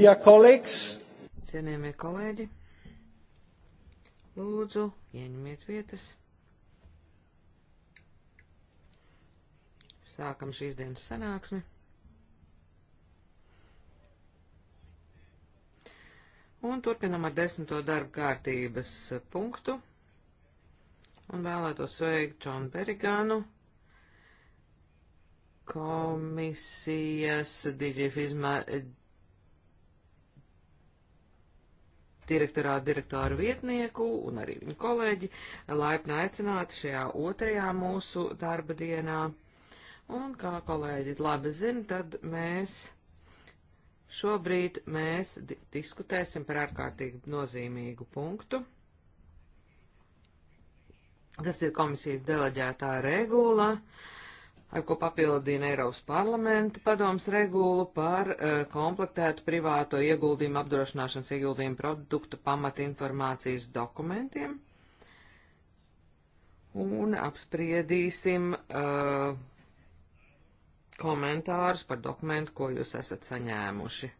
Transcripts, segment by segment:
Cienījamie kolēģi, lūdzu, ieņemiet vietas. Sākam šīs dienas sanāksmi. Un turpinam ar desmito darba kārtības punktu. Un vēlētos sveikt Džonu Berigānu, komisijas diģifizma direktorā direktoru vietnieku un arī viņu kolēģi laipni aicināti šajā otrajā mūsu darba dienā. Un kā kolēģi labi zina, tad mēs šobrīd mēs di diskutēsim par ārkārtīgi nozīmīgu punktu, kas ir komisijas deleģētā regula. Uh, ar ko papildina Eiropas parlamenta padoms regulu par uh, komplektētu privāto ieguldījumu apdrošināšanas ieguldījumu produktu pamatinformācijas dokumentiem. Un apspriedīsim uh, komentārus par dokumentu, ko jūs esat saņēmuši.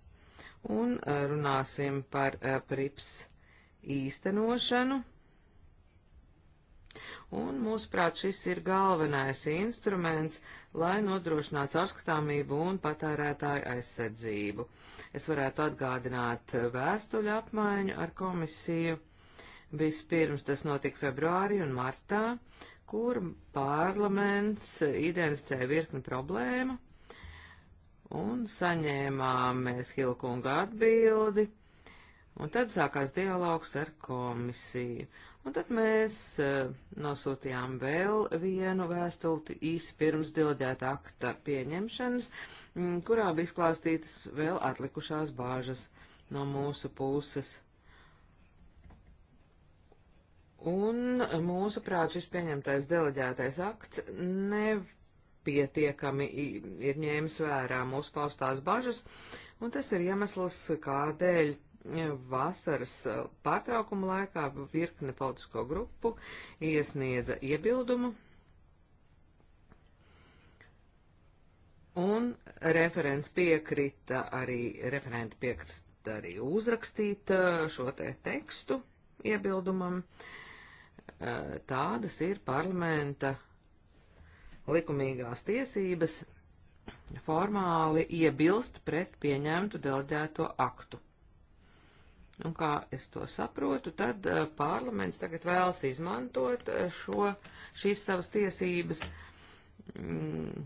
Un uh, runāsim par uh, prips īstenošanu un, mūsuprāt, šis ir galvenais instruments, lai nodrošinātu caurskatāmību un patērētāju aizsardzību. Es varētu atgādināt vēstuļu apmaiņu ar komisiju. Vispirms tas notika februārī un martā, kur parlaments identificēja virkni problēmu un saņēmām mēs Hilkunga atbildi. Un tad sākās dialogs ar komisiju. Un tad mēs uh, nosūtījām vēl vienu vēstuli īsi pirms dilģēta akta pieņemšanas, m, mm, kurā bija izklāstītas vēl atlikušās bāžas no mūsu puses. Un mūsuprāt, šis pieņemtais deleģētais akts nepietiekami ir ņēmis vērā mūsu paustās bažas, un tas ir iemesls, kādēļ vasaras eh, pārtraukuma laikā virkne politisko grupu iesniedza iebildumu un referents piekrita arī, referenti piekrita arī uzrakstīt eh, šo te tekstu iebildumam. Eh, tādas ir parlamenta likumīgās tiesības formāli iebilst pret pieņemtu deleģēto aktu. Un kā es to saprotu, tad eh, parlaments tagad vēlas izmantot eh, šo, šīs savas tiesības. Mm,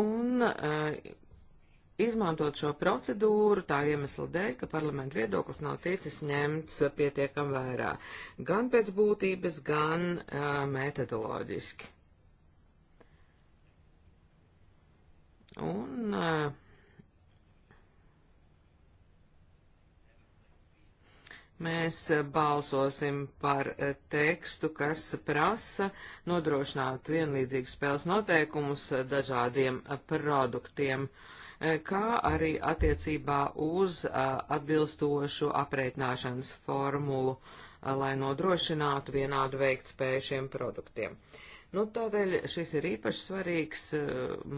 un uh, izmantot šo procedūru tā iemesla dēļ, ka parlamenta viedoklis nav ticis ņemts pietiekam vērā, gan pēc būtības, gan uh, metodoloģiski. Un uh, Mēs e, balsosim par e, tekstu, kas prasa nodrošināt vienlīdzīgas spēles noteikumus e, dažādiem produktiem, kā arī attiecībā uz atbilstošu apreitināšanas formulu, lai nodrošinātu vienādu veiktspēju šiem produktiem. Nu, tādēļ šis ir īpaši svarīgs uh,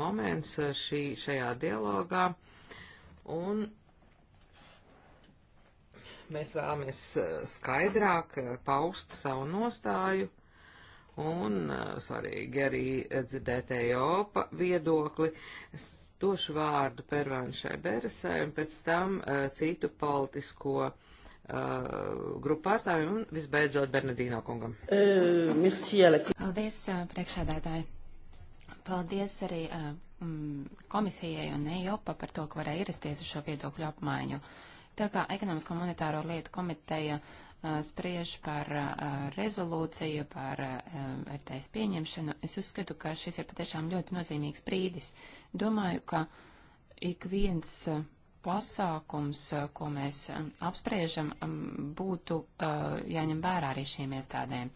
moments šī, šajā dialogā, un Mēs vēlamies eh, skaidrāk eh, paust savu nostāju un eh, svarīgi arī dzirdēt EOPA viedokli. Es došu vārdu Pervāņšai Beresai un pēc tam uh, citu politisko uh, grupu pārstāvjiem un visbeidzot Bernardīno kungam. Paldies, priekšsēdētāji. Paldies arī uh, komisijai un EOPA par to, ka varēja ierasties uz šo viedokļu apmaiņu. Uh, Tā kā ekonomisko monetāro lietu komiteja uh, spriež par uh, rezolūciju, par um, RTS pieņemšanu, es uzskatu, ka šis ir patiešām ļoti nozīmīgs brīdis. Domāju, ka ik viens pasākums, ko mēs apspriežam, būtu uh, jāņem vērā arī šīm iestādēm.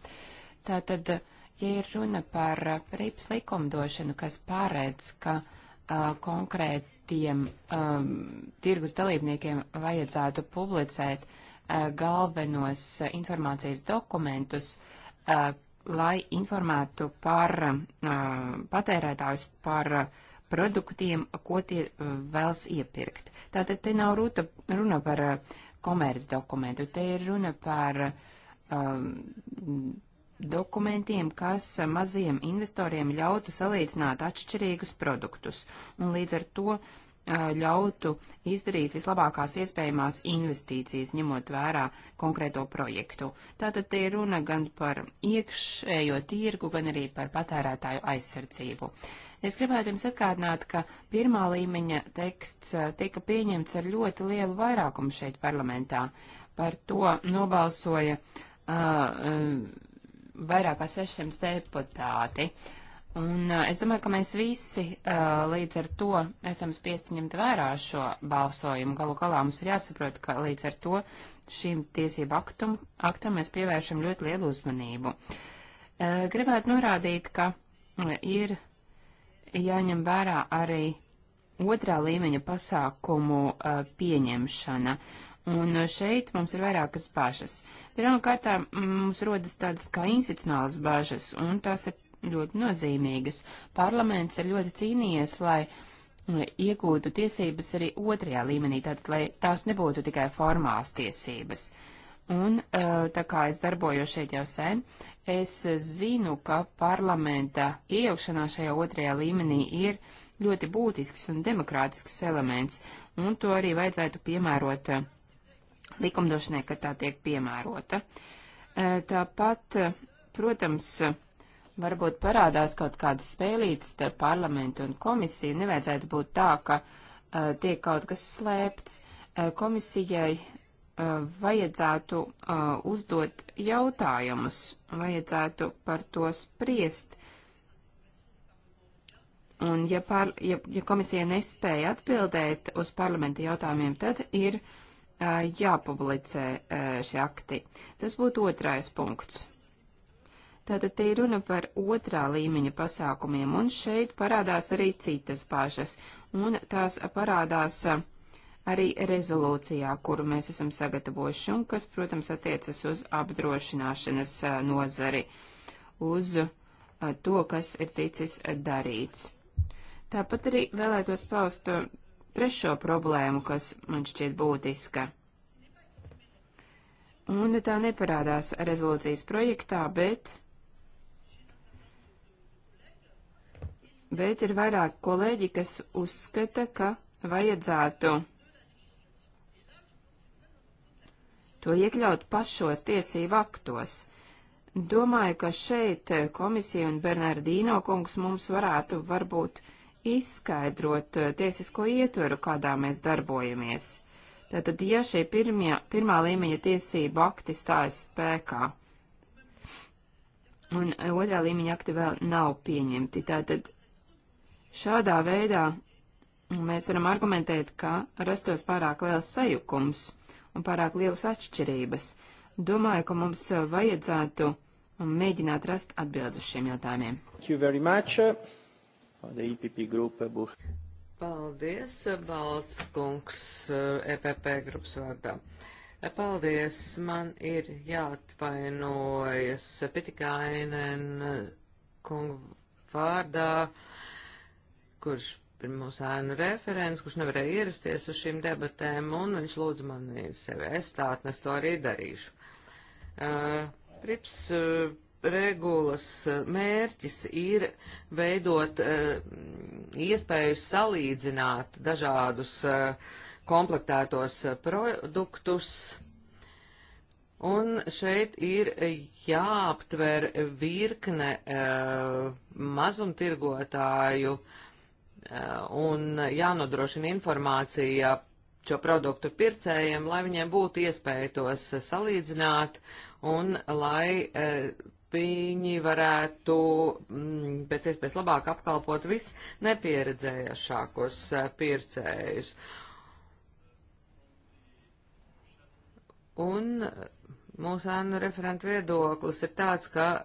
Tātad, ja ir runa par RIPS likumdošanu, kas pārēdz, ka uh, konkrēti citiem um, tirgus dalībniekiem vajadzētu publicēt uh, galvenos uh, informācijas dokumentus, uh, lai informētu par uh, patērētājus par uh, produktiem, ko tie uh, vēlas iepirkt. Tātad te nav rūta, runa par uh, komerc dokumentu, te ir runa par um, dokumentiem, kas maziem investoriem ļautu salīdzināt atšķirīgus produktus un līdz ar to ļautu izdarīt vislabākās iespējamās investīcijas, ņemot vērā konkrēto projektu. Tātad te ir runa gan par iekšējo tirgu, gan arī par patērētāju aizsardzību. Es gribētu jums atkārtināt, ka pirmā līmeņa teksts tika pieņemts ar ļoti lielu vairākumu šeit parlamentā. Par to nobalsoja uh, uh vairāk kā 600 deputāti. Un es domāju, ka mēs visi uh, līdz ar to esam spiesti ņemt vērā šo balsojumu. Galu galā mums ir jāsaprot, ka līdz ar to šīm tiesību aktum, aktam mēs pievēršam ļoti lielu uzmanību. Uh, gribētu norādīt, ka uh, ir jāņem vērā arī otrā līmeņa pasākumu pieņemšana. Uh, Un eh, šeit mums ir vairākas bažas. Pirmkārt, mums rodas tādas kā institucionālas bažas, un tās ir ļoti nozīmīgas. Parlaments ir ļoti cīnījies, lai eh, iegūtu tiesības arī otrajā līmenī, tātad, lai tās nebūtu tikai formālas tiesības. Un eh, tā kā es darbojos šeit jau sen, es zinu, ka parlamenta iejaukšanās šajā otrajā līmenī ir ļoti būtisks un demokrātisks elements, un to arī vajadzētu piemērot uh, likumdošanai, kad tā tiek piemērota. E, tāpat, protams, varbūt parādās kaut kādas spēlītas starp parlamentu un komisiju. Nevajadzētu būt tā, ka e, tiek kaut kas slēpts. E, komisijai vajadzētu uzdot jautājumus, vajadzētu par to spriest. Un ja, pār, ja, ja komisija nespēja atbildēt uz parlamenta jautājumiem, tad ir jāpublicē šie akti. Tas būtu otrais punkts. Tātad te ir runa par otrā līmeņa pasākumiem, un šeit parādās arī citas pašas, un tās parādās arī rezolūcijā, kuru mēs esam sagatavojuši, un kas, protams, attiecas uz apdrošināšanas nozari, uz to, kas ir ticis darīts. Tāpat arī vēlētos paust trešo problēmu, kas man šķiet būtiska. Un tā neparādās rezolūcijas projektā, bet, bet ir vairāk kolēģi, kas uzskata, ka vajadzētu to iekļaut pašos tiesību aktos. Domāju, ka šeit komisija un Bernardīno kungs mums varētu varbūt uh, izskaidrot eh, tiesisko ietveru, kādā mēs darbojamies. Tātad, ja šie pirmie, pirmā līmeņa tiesību akti stājas spēkā, un otrā līmeņa akti vēl nav pieņemti, tātad šādā veidā mēs varam argumentēt, ka rastos pārāk liels sajukums un pārāk lielas atšķirības. Domāju, ka mums vajadzētu mēģināt rast atbildes uz šiem jautājumiem. Thank you very much the EPP group, uh, Buh. Paldies, uh, Balts kungs, uh, EPP grupas vārdā. Paldies, man ir jāatvainojas Pitikainen kungu vārdā, kurš ir mūsu ēnu referents, kurš nevarēja ierasties uz šīm debatēm, un viņš lūdz mani sevi aizstāt, un es to arī darīšu. Uh, Prips uh, regulas eh, mērķis ir veidot eh, iespēju salīdzināt dažādus eh, komplektētos produktus. Un šeit ir jāaptver virkne mazumtirgotāju un jānodrošina informācija šo produktu pircējiem, lai viņiem būtu iespēja tos salīdzināt un lai viņi varētu mm, pēc iespējas labāk apkalpot visnepieredzējušākos eh, pircējus. Un eh, mūsu ēnu referentu viedoklis ir tāds, ka uh,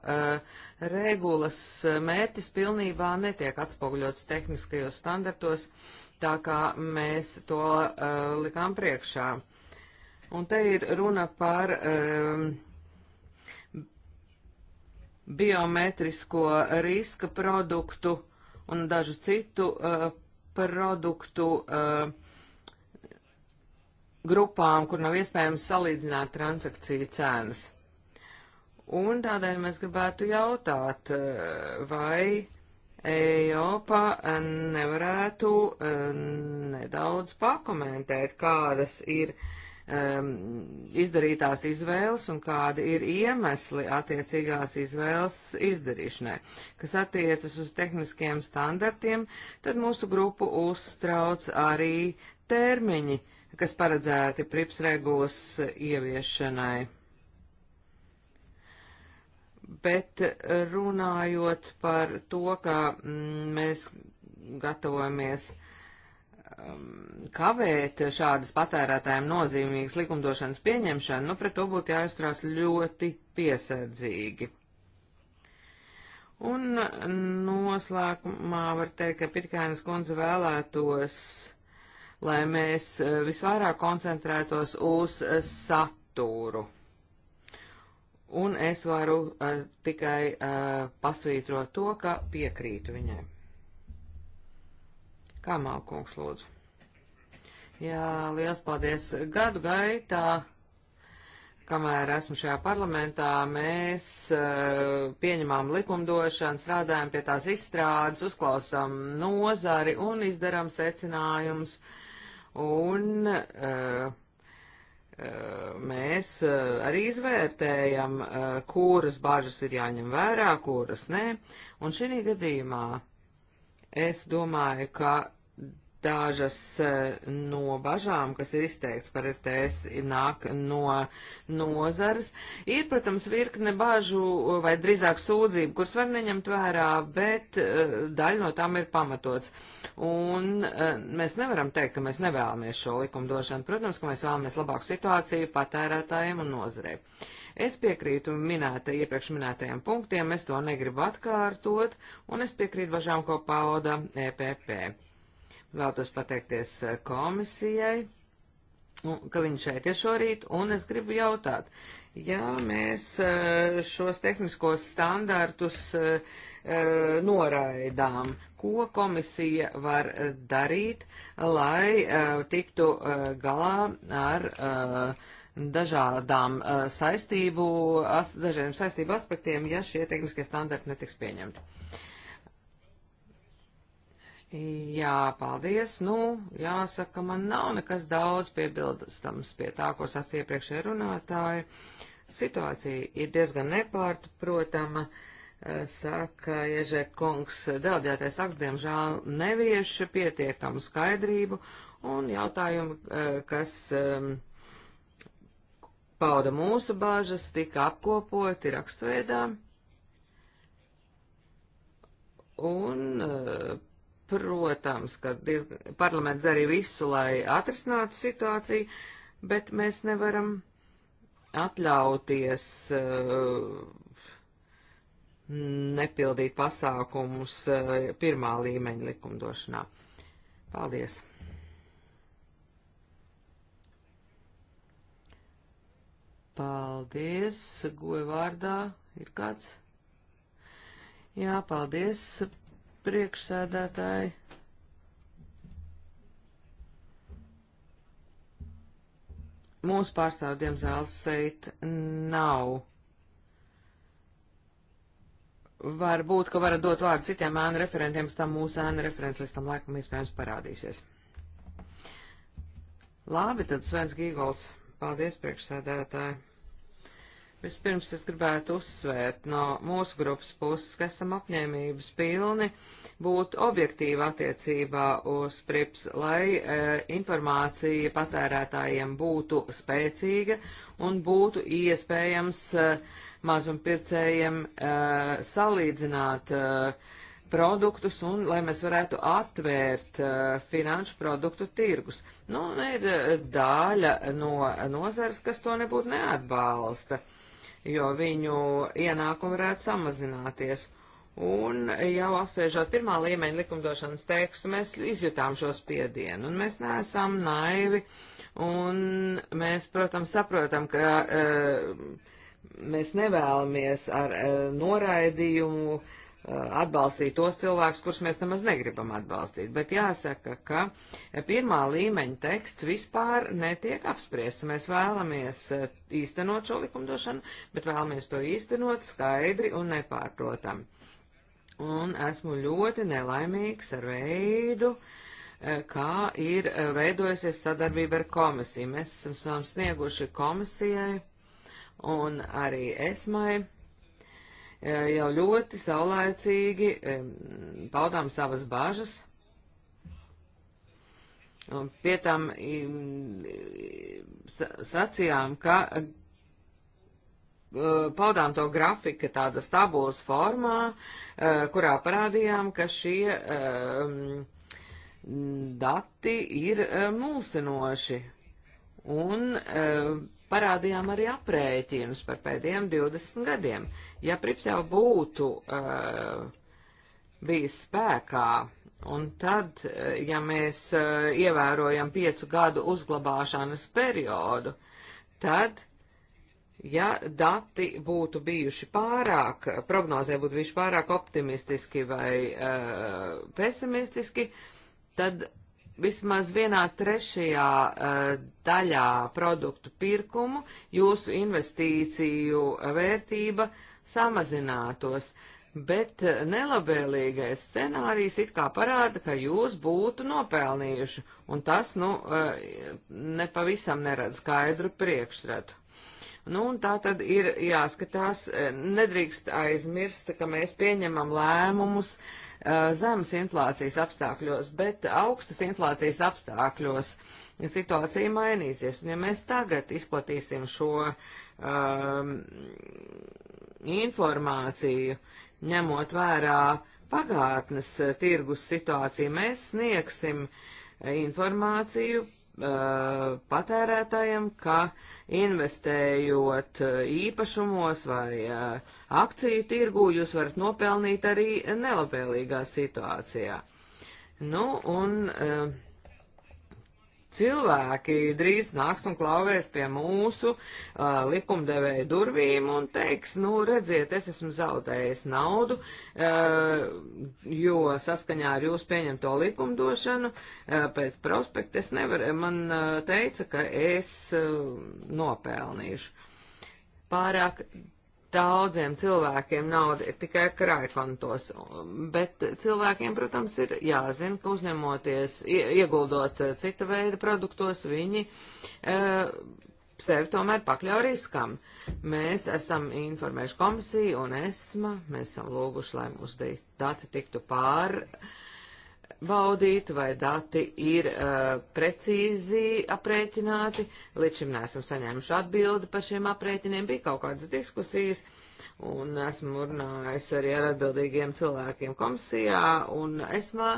regulas mērķis pilnībā netiek atspoguļots tehniskajos standartos, tā kā mēs to uh, likām priekšā. Un te ir runa par uh, biometrisko riska produktu un dažu citu uh, produktu uh, grupām, kur nav iespējams salīdzināt transakciju cenas. Un tādēļ mēs gribētu jautāt, eh, vai Eiropa nevarētu nedaudz pakomentēt, kādas ir uh, um, izdarītās izvēles un kādi ir iemesli attiecīgās izvēles izdarīšanai. Kas attiecas uz tehniskiem standartiem, tad mūsu grupu uztrauc arī termiņi, kas paredzēti prips regulas ieviešanai. Bet runājot par to, ka mm, mēs gatavojamies uh, Um, kavēt šādas patērētājiem nozīmīgas likumdošanas pieņemšanu, nu pret to būtu jāizturās ļoti piesardzīgi. Un noslēgumā var teikt, ka Pitkainas kundze vēlētos, lai mēs uh, visvairāk koncentrētos uz saturu. Un es varu uh, tikai uh, pasvītrot to, ka piekrītu viņai. Kā Malkungs lūdzu. Jā, liels paldies. Gadu gaitā, kamēr esmu šajā parlamentā, mēs uh, eh, pieņemām likumdošanu, strādājam pie tās izstrādes, uzklausām nozari un izdarām secinājumus. Un uh, mēs arī izvērtējam, kuras bažas ir jāņem vērā, kuras nē. Un šī gadījumā es domāju, ka dažas eh, no bažām, kas ir izteikts par RTS, nāk no nozares. Ir, protams, virkne bažu eh, vai drīzāk sūdzību, kuras var neņemt vērā, bet eh, daļa no tām ir pamatots. Un mēs nevaram teikt, ka mēs nevēlamies šo likumdošanu. Protams, ka mēs vēlamies labāku situāciju patērētājiem un nozarei. Es piekrītu minēta, iepriekš minētajiem punktiem, es to negribu atkārtot, un es piekrītu bažām, ko pauda EPP. Vēlos pateikties eh, komisijai, ka viņi šeit ir šorīt, un es gribu jautāt, ja mēs eh, šos tehniskos standartus eh, noraidām, ko komisija var darīt, lai tiktu galā ar dažādām saistību, dažiem saistību aspektiem, ja šie tehniskie standarti netiks pieņemti. Jā, paldies. Nu, jāsaka, man nav nekas daudz piebildstams pie tā, ko sacīja priekšējā runātāja. Situācija ir diezgan nepārprotama. Eh, saka, Ježē kungs, delģētais akts, diemžēl, nevieš pietiekamu skaidrību un jautājumu, eh, kas pauda mūsu bāžas, tika apkopoti rakstveidā. Un eh, Protams, ka diezgan, parlaments darīja visu, lai atrisinātu situāciju, bet mēs nevaram atļauties uh, nepildīt pasākumus uh, pirmā līmeņa likumdošanā. Paldies! Paldies, goja vārdā ir kāds? Jā, paldies, priekšsēdētāji. Mūsu pārstāvju, diemžēl, šeit nav. Varbūt, ka varat dot vārdu citiem ēnu referentiem, pēc tam mūsu ēnu referents līdz tam laikam iespējams parādīsies. Labi, tad Svens Gīgols. Paldies, priekšsēdētāji. Vispirms es gribētu uzsvērt no mūsu grupas puses, ka esam apņēmības pilni būt objektīvi attiecībā uz prips, lai e, informācija patērētājiem būtu spēcīga un būtu iespējams e, mazumpircējiem e, salīdzināt e, produktus un lai mēs varētu atvērt e, finanšu produktu tirgus. Nu, ir e, daļa no nozares, kas to nebūtu neatbalsta. E, jo viņu ienākumi varētu samazināties. Un jau apspriežot pirmā līmeņa likumdošanas tekstu, mēs izjutām šo spiedienu, un mēs neesam naivi, un mēs, protams, saprotam, ka uh, mēs nevēlamies ar uh, noraidījumu uh, atbalstīt tos cilvēkus, kurus mēs nemaz negribam atbalstīt. Bet jāsaka, ka pirmā līmeņa teksts vispār netiek apspriests. Mēs vēlamies eh, īstenot šo likumdošanu, bet vēlamies to īstenot skaidri un nepārprotam. Un esmu ļoti nelaimīgs ar veidu, eh, kā ir eh, veidojusies sadarbība ar komisiju. Mēs esam snieguši komisijai un arī esmai E, jau ļoti saulēcīgi e, paudām savas bažas. Un pie tam sacījām, ka e, paudām to grafika tādas tabulas formā, kurā parādījām, ka šie dati ir mulsinoši. Un parādījām arī aprēķinus par pēdējiem 20 gadiem. Uh, Ja prips jau būtu uh, bijis spēkā, un tad, eh, ja mēs uh, ievērojam piecu gadu uzglabāšanas periodu, tad, ja dati būtu bijuši pārāk, prognozē būtu bijuši pārāk optimistiski vai uh, pesimistiski, tad vismaz vienā trešajā uh, daļā produktu pirkumu jūsu investīciju vērtība uh, samazinātos. Bet nelabēlīgais scenārijs it kā parāda, ka jūs būtu nopelnījuši, un tas, nu, eh, nepavisam neredz skaidru priekšredu. Nu, un tā tad ir jāskatās, eh, nedrīkst aizmirst, ka mēs pieņemam lēmumus eh, zemes inflācijas apstākļos, bet augstas inflācijas apstākļos situācija mainīsies. Un ja mēs tagad izplatīsim šo um, informāciju, ņemot vērā pagātnes eh, tirgus situāciju, mēs sniegsim eh, informāciju eh, patērētājiem, ka investējot īpašumos vai akciju tirgū, jūs varat nopelnīt arī nelabvēlīgā situācijā. Nu, un uh, cilvēki drīz nāks un klauvēs pie mūsu uh, likumdevēja durvīm un teiks, nu, redziet, es esmu zaudējis naudu, uh, jo saskaņā ar jūsu pieņemto likumdošanu uh, pēc prospekta es nevaru, man uh, teica, ka es uh, nopelnīšu. Pārāk Daudziem cilvēkiem nauda ir tikai krājkontos, bet cilvēkiem, protams, ir jāzina, ka uzņemoties, ieguldot cita veida produktos, viņi e, sevi tomēr pakļauj riskam. Mēs esam informējuši komisiju un esma, mēs esam lūguši, lai mūsu dati tiktu pār. E, pārbaudīti, vai dati ir uh, precīzi aprēķināti. Līdz šim neesam saņēmuši atbildi par šiem aprēķiniem, bija kaut kādas diskusijas, un esmu runājis arī ar atbildīgiem cilvēkiem komisijā, un esmā,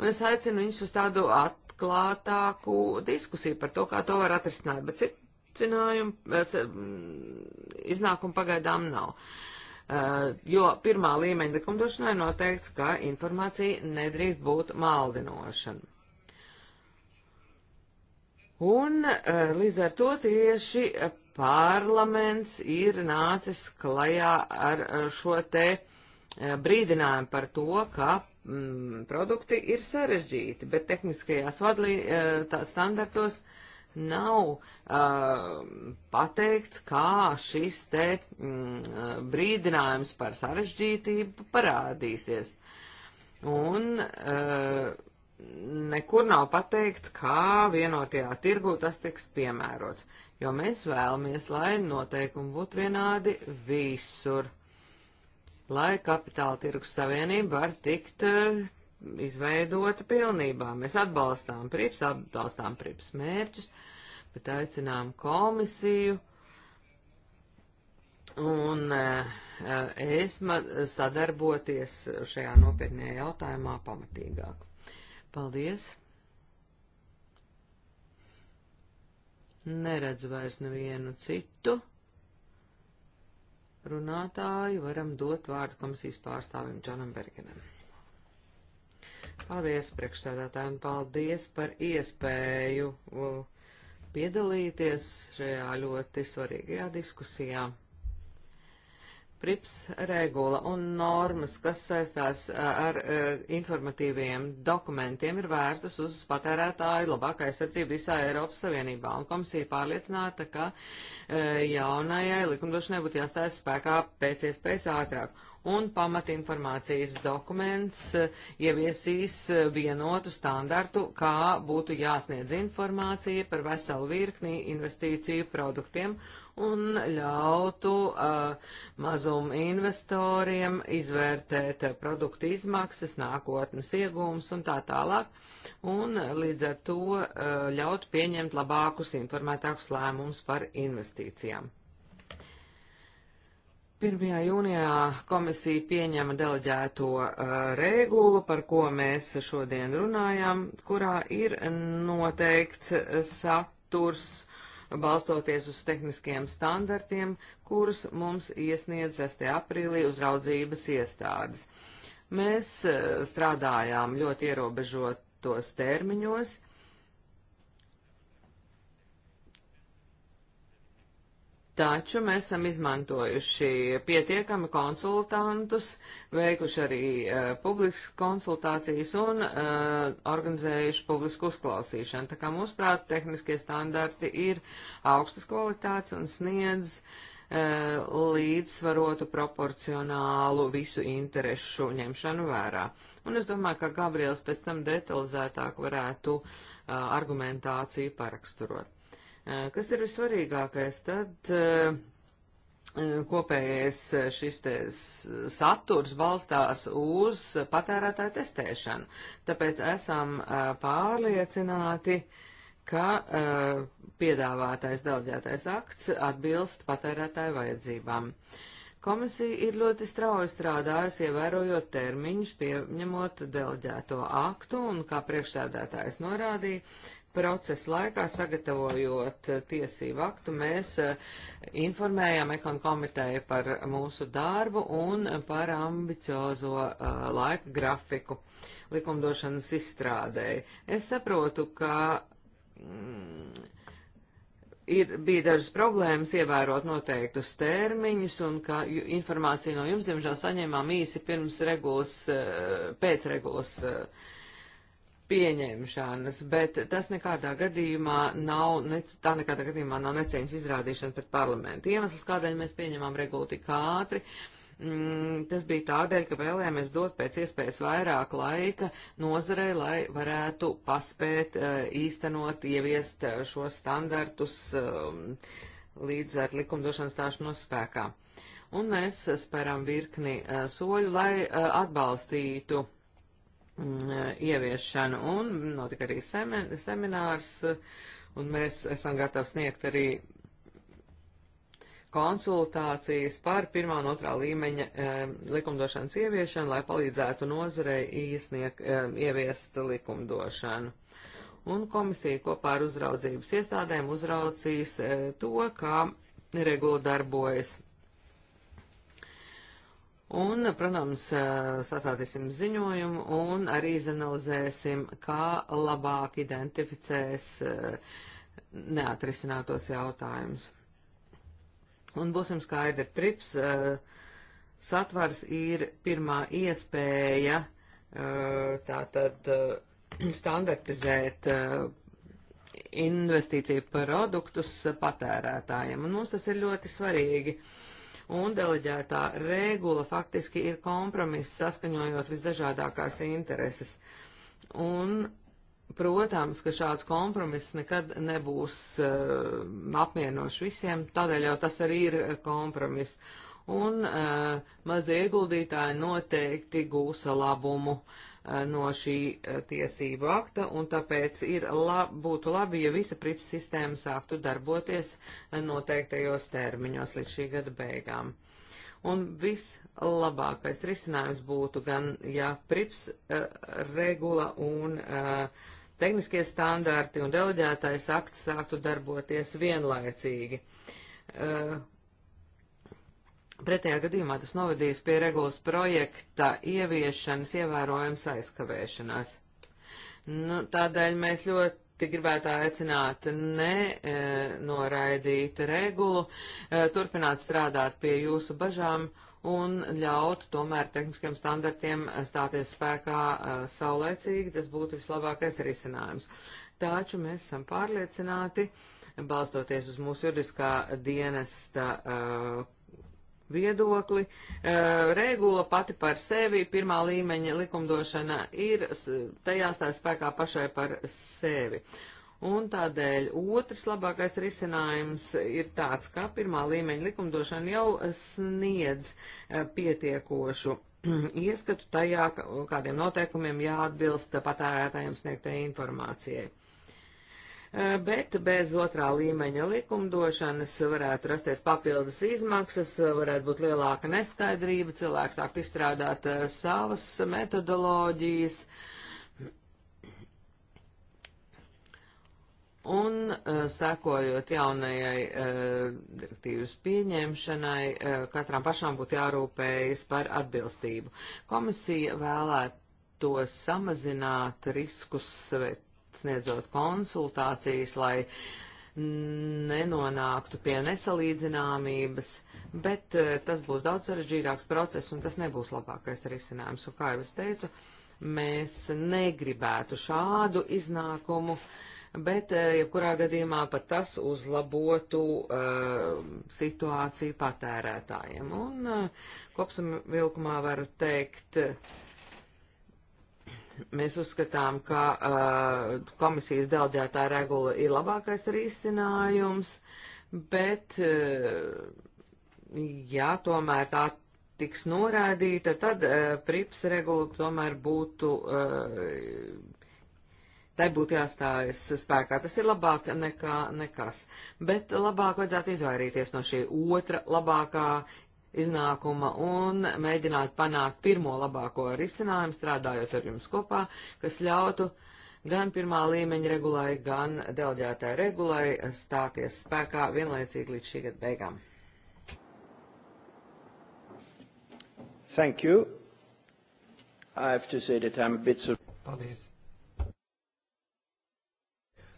un es aicinu viņus uz tādu atklātāku diskusiju par to, kā to var atrisināt, bet secinājumu, eh, mm, iznākumu pagaidām nav. Uh, Eh, jo pirmā līmeņa likumdošanai noteikts, ka informācija nedrīkst būt maldinošana. Un eh, līdz ar to tieši parlaments ir nācis klajā ar eh, šo te brīdinājumu par to, ka mm, produkti ir sarežģīti, bet tehniskajās vadlī, tā, standartos uh, nav uh, pateikts, kā šis te mm, uh, brīdinājums par sarežģītību parādīsies. Un uh, nekur nav pateikts, kā vienotajā tirgū tas tiks piemērots, jo mēs vēlamies, lai noteikumi būtu vienādi visur, lai kapitāla tirgus savienība var tikt uh, izveidota pilnībā. Mēs atbalstām prips, atbalstām prips mērķus, bet aicinām komisiju un uh, eh, ESMA sadarboties šajā nopietnējā jautājumā pamatīgāk. Paldies! Neredzu vairs nevienu citu runātāju, varam dot vārdu komisijas pārstāvim Džonam Bergenam. Paldies priekšsēdētājiem, paldies par iespēju piedalīties šajā ļoti svarīgajā diskusijā. Prips regula un normas, kas saistās ar, ar informatīviem dokumentiem, ir vērstas uz patērētāju labākai aizsardzību visā Eiropas Savienībā, un komisija pārliecināta, ka jaunajai likumdošanai būtu jāstājas spēkā pēc iespējas ātrāk un pamatinformācijas dokuments eh, ieviesīs eh, vienotu standartu, kā būtu jāsniedz informācija par veselu virkni investīciju produktiem un ļautu uh, eh, mazumu investoriem izvērtēt produktu izmaksas, nākotnes iegūmus un tā tālāk, un līdz ar to uh, ļaut pieņemt labākus, informētākus lēmumus par investīcijām. 1. jūnijā komisija pieņēma deleģēto uh, regulu, par ko mēs šodien runājam, kurā ir noteikts saturs balstoties uz tehniskiem standartiem, kurus mums iesniedz 6. aprīlī uzraudzības iestādes. Mēs uh, strādājām ļoti ierobežotos termiņos. Uh, Taču mēs esam izmantojuši pietiekami konsultantus, veikuši arī uh, publiskas konsultācijas un uh, organizējuši publisku uzklausīšanu. Tā kā mūsuprāt, tehniskie standarti ir augstas kvalitātes un sniedz uh, līdzsvarotu proporcionālu visu interešu ņemšanu vērā. Un es domāju, ka Gabriels pēc tam detalizētāk varētu uh, argumentāciju paraksturot. Eh, kas ir vissvarīgākais? Tad eh, eh, kopējais šis te saturs balstās uz patērētāju testēšanu. Tāpēc esam pārliecināti, ka piedāvātais delģētais akts atbilst patērētāju vajadzībām. Komisija ir ļoti strauji strādājusi, ievērojot termiņus, pieņemot delģēto aktu, un, kā priekšsēdētājs norādīja, procesa laikā, sagatavojot eh, tiesību aktu, mēs eh, informējām ekonu komiteju par mūsu darbu un par ambiciozo uh, laika grafiku likumdošanas izstrādēji. Es saprotu, ka mm, ir, bija dažas problēmas ievērot noteiktus termiņus, un ka informāciju no jums, diemžēl, saņēmām īsi pirms regulas, pēc regulas uh, pieņemšanas, bet tas nekādā gadījumā nav, nec, tā nekādā gadījumā nav neceņas izrādīšana pret parlamentu. Iemesls, kādēļ mēs pieņemām regulu tik ātri, mm, tas bija tādēļ, ka vēlējāmies dot pēc iespējas vairāk laika nozarei, lai varētu paspēt eh, īstenot, ieviest eh, šos standartus um, līdz ar likumdošanas stāšanos spēkā. Un mēs spēram virkni eh, soļu, lai atbalstītu Mm, e, ieviešanu, un notika arī semin seminārs, un mēs esam gatavi sniegt arī konsultācijas par pirmā un otrā līmeņa e, likumdošanas ieviešanu, lai palīdzētu nozarei iesniegt, e, ieviest likumdošanu. Un komisija kopā ar uzraudzības iestādēm uzraucīs e, to, kā regula darbojas. Un, protams, eh, sasādīsim ziņojumu un arī izanalizēsim, kā labāk identificēs eh, neatrisinātos jautājumus. Un būsim skaidri, prips eh, satvars ir pirmā iespēja tātad standartizēt investīciju produktus patērētājiem, un mums tas ir ļoti svarīgi. Uh, un deleģētā regula faktiski ir kompromiss saskaņojot visdažādākās intereses. Un, protams, ka šāds kompromiss nekad nebūs uh, apmienošs visiem, tādēļ jau tas arī ir eh, kompromiss. Un uh, mazie ieguldītāji noteikti gūsa labumu. Uh, Eh, no šī eh, tiesību akta, un tāpēc ir lab, būtu labi, ja visa prips sistēma sāktu darboties eh, noteiktajos termiņos līdz šī gada beigām. Un vislabākais risinājums būtu gan, ja prips uh, regula un uh, tehniskie standarti un deleģētais akts sāktu darboties vienlaicīgi. Uh, Pretējā gadījumā tas novadīs pie regulas projekta ieviešanas ievērojams aizkavēšanās. Nu, tādēļ mēs ļoti gribētu aicināt nenoraidīt e, regulu, e, turpināt strādāt pie jūsu bažām un ļaut tomēr tehniskiem standartiem stāties spēkā e, saulēcīgi. Tas būtu vislabākais risinājums. Taču mēs esam pārliecināti, balstoties uz mūsu juridiskā dienesta. E, viedokli. Uh, regula pati par sevi, pirmā līmeņa likumdošana ir tajā stāv spēkā pašai par sevi. Un tādēļ otrs labākais risinājums ir tāds, ka pirmā līmeņa likumdošana jau sniedz uh, pietiekošu ieskatu tajā, kādiem noteikumiem jāatbilst patērētājiem sniegtajai informācijai. Eh, bet bez otrā līmeņa likumdošanas varētu rasties papildus izmaksas, eh, varētu būt lielāka neskaidrība, cilvēks sākt izstrādāt eh, savas metodoloģijas. Un sekojot jaunajai direktīvas pieņemšanai, katram pašām būtu jārūpējas par atbilstību. Komisija vēlētos samazināt riskus, bet sniedzot konsultācijas, lai nenonāktu pie nesalīdzināmības, bet eh, tas būs daudz sarežģītāks process un tas nebūs labākais risinājums. Un kā jau es teicu, mēs negribētu šādu iznākumu, bet eh, jebkurā gadījumā pat tas uzlabotu uh, situāciju patērētājiem. Un uh, kopsam vilkumā var teikt, uh, Mēs uzskatām, ka uh, komisijas delģētā regula ir labākais risinājums, bet, uh, ja tomēr tā tiks norādīta, tad uh, prips regula tomēr būtu, uh, tai būtu jāstājas spēkā. Tas ir labāk nekā nekas, bet labāk vajadzētu izvairīties no šī otra labākā iznākuma un mēģināt panākt pirmo labāko risinājumu, strādājot ar jums kopā, kas ļautu gan pirmā līmeņa regulai, gan delģētāja regulai stāties spēkā vienlaicīgi līdz šī gada beigām. Thank you. I have to say that I'm a bit surprised. Paldies.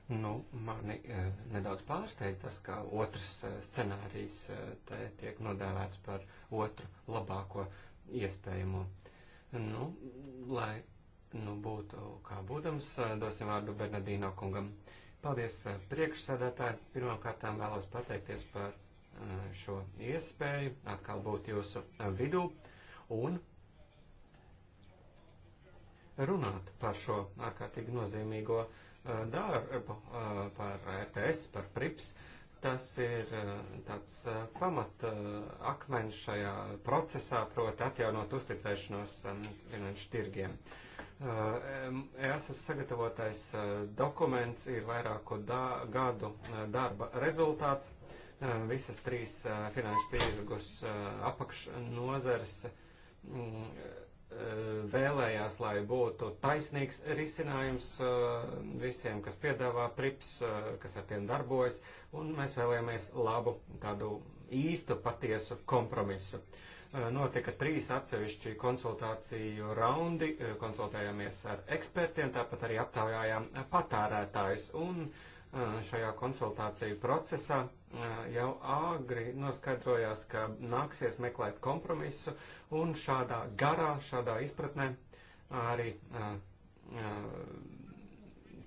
Nu, mani eh, nedaudz pārsteidz tas, ka otrs eh, scenārijs eh, te tiek nodēvēts par otru labāko iespējamo. Nu, lai nu, būtu kā būdams, dosim vārdu Bernardīno kungam. Paldies priekšsēdētāji. Pirmkārt vēlos pateikties par šo iespēju atkal būt jūsu vidū un runāt par šo ārkārtīgi nozīmīgo uh, Eh, darbu eh, par RTS, par PRIPS. Tas ir eh, tāds pamat akmeņš šajā procesā, proti atjaunot uzticēšanos finanšu tirgiem. EASAS e sagatavotais dokuments ir vairāku da gadu darba rezultāts. Visas trīs finanšu tirgus apakšnozares mm, Eh, vēlējās, lai būtu taisnīgs risinājums eh, visiem, kas piedāvā prips, eh, kas ar tiem darbojas, un mēs vēlējāmies labu, tādu īstu, patiesu kompromisu. Notika trīs atsevišķi konsultāciju raundi, konsultējāmies ar ekspertiem, tāpat arī aptaujājām patērētājus, un uh, Eh, šajā konsultāciju procesā eh, jau āgri noskaidrojās, ka nāksies meklēt kompromisu un šādā garā, šādā izpratnē arī eh,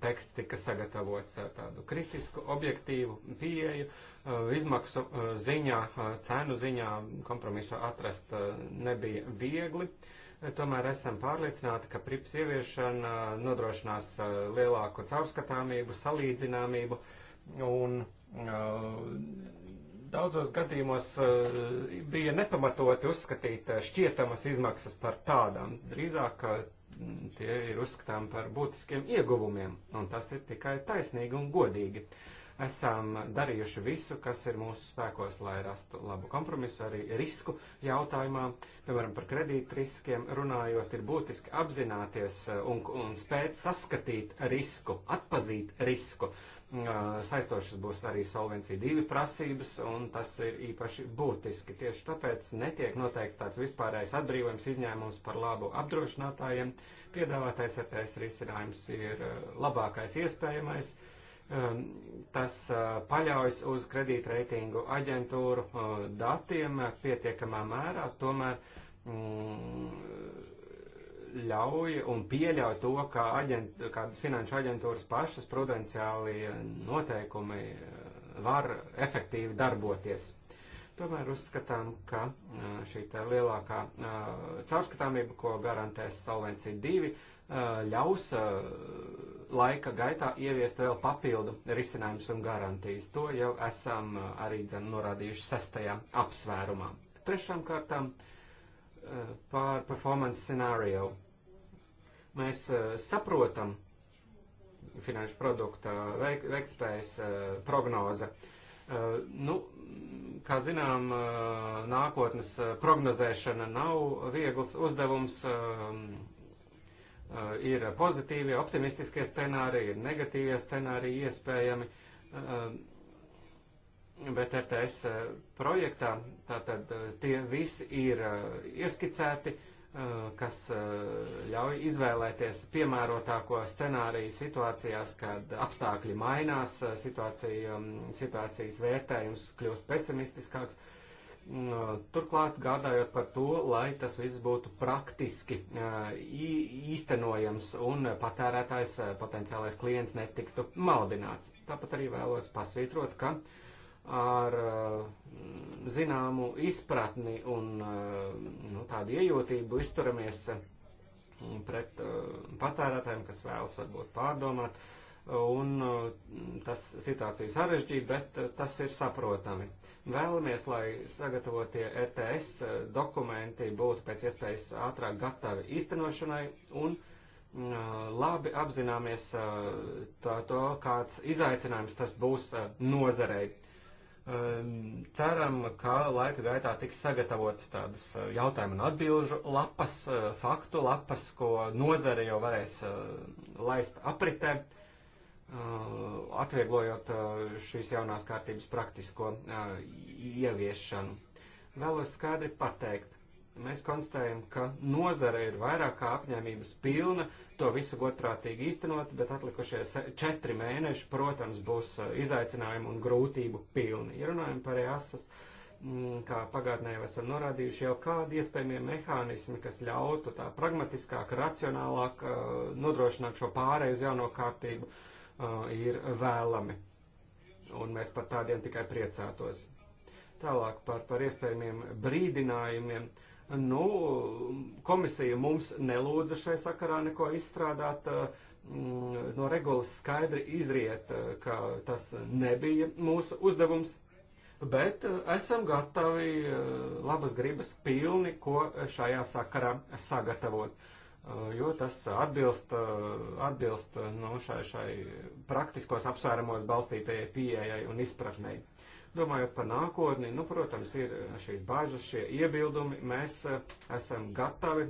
teksts tika sagatavots ar tādu kritisku, objektīvu pieeju, izmaksu ziņā, cenu ziņā kompromisu atrast nebija viegli. Uh, Tomēr esam pārliecināti, ka PRIPS ieviešana nodrošinās uh, lielāku caurskatāmību, salīdzināmību un uh, daudzos gadījumos uh, bija nepamatoti uzskatīt šķietamas izmaksas par tādām. Drīzāk tie ir uzskatām par būtiskiem ieguvumiem, un tas ir tikai taisnīgi un godīgi. Uh, esam darījuši visu, kas ir mūsu spēkos, lai rastu labu kompromisu arī risku jautājumā. Piemēram, par kredīt riskiem runājot, ir būtiski apzināties eh, un, un spēt saskatīt risku, atpazīt risku. Eh, saistošas būs arī solvencija divi prasības, un tas ir īpaši būtiski. Tieši tāpēc netiek noteikts tāds vispārējais atbrīvojums izņēmums par labu apdrošinātājiem. Piedāvātais RTS risinājums ir eh, labākais iespējamais. Uh, Tas paļaujas uz kredītreitingu aģentūru datiem pietiekamā mērā, tomēr mm, ļauj un pieļauj to, ka, aģent, ka finanšu aģentūras pašas prudenciāli noteikumi var efektīvi darboties. Tomēr uzskatām, ka šī lielākā caurskatāmība, ko garantēs Solvency 2, ļaus laika gaitā ieviest vēl papildu risinājumus un garantijas. To jau esam uh, arī dzen, norādījuši sestajā apsvērumā. Trešām kārtām uh, par performance scenario. Mēs uh, saprotam finanšu produkta veik, veiktspējas prognoze. Nu, kā zinām, nākotnes prognozēšana nav viegls uzdevums um, Eh, ir pozitīvie, optimistiskie scenāriji, ir negatīvie scenāriji iespējami, eh, bet RTS eh, projektā tātad tie visi ir ieskicēti, kas ļauj izvēlēties piemērotāko scenāriju situācijās, kad apstākļi mainās, situācija, mm, situācijas vērtējums kļūst pesimistiskāks Uh, turklāt gādājot par to, lai tas viss būtu praktiski uh, īstenojams un patērētājs, uh, potenciālais klients netiktu maldināts. Tāpat arī vēlos pasvītrot, ka ar zināmu izpratni un nu, tādu iejūtību izturamies pret patērētājiem, kas vēlas varbūt pārdomāt. Un tas situācija sarežģīta, bet tas ir saprotami. Uh, Vēlamies, lai sagatavotie ETS eh, dokumenti būtu pēc iespējas ātrāk gatavi īstenošanai un mm, eh, labi apzināmies eh, to, to kāds izaicinājums tas būs nozarei. Ehm, ceram, ka laika gaitā tiks sagatavotas tādas jautājumu un atbilžu lapas, faktu lapas, ko nozare jau varēs laist apritē. Uh, atvieglojot uh, šīs jaunās kārtības praktisko uh, ieviešanu. Vēlos skaidri pateikt, mēs konstatējam, ka nozare ir vairāk kā apņēmības pilna to visu godprātīgi īstenot, bet atlikušie četri mēneši, protams, būs izaicinājumu un grūtību pilni. Ja runājam par EASAS, mm, kā pagātnē jau esam norādījuši, jau kādi iespējamie mehānismi, kas ļautu tā pragmatiskāk, racionālāk nodrošināt šo pārēju uz jauno kārtību. Uh, ir vēlami. Un mēs par tādiem tikai priecātos. Tālāk par, par iespējamiem brīdinājumiem. Nu, komisija mums nelūdza šai sakarā neko izstrādāt. Uh, no regulas skaidri izriet, ka tas nebija mūsu uzdevums, bet esam gatavi labas gribas pilni, ko šajā sakarā sagatavot. Eh, jo tas atbilst, eh, atbilst eh, nu, šai, šai praktiskos apsvērumos balstītajai pieejai un izpratnei. Domājot par nākotni, nu, protams, ir šīs bāžas, šie iebildumi. Mēs esam gatavi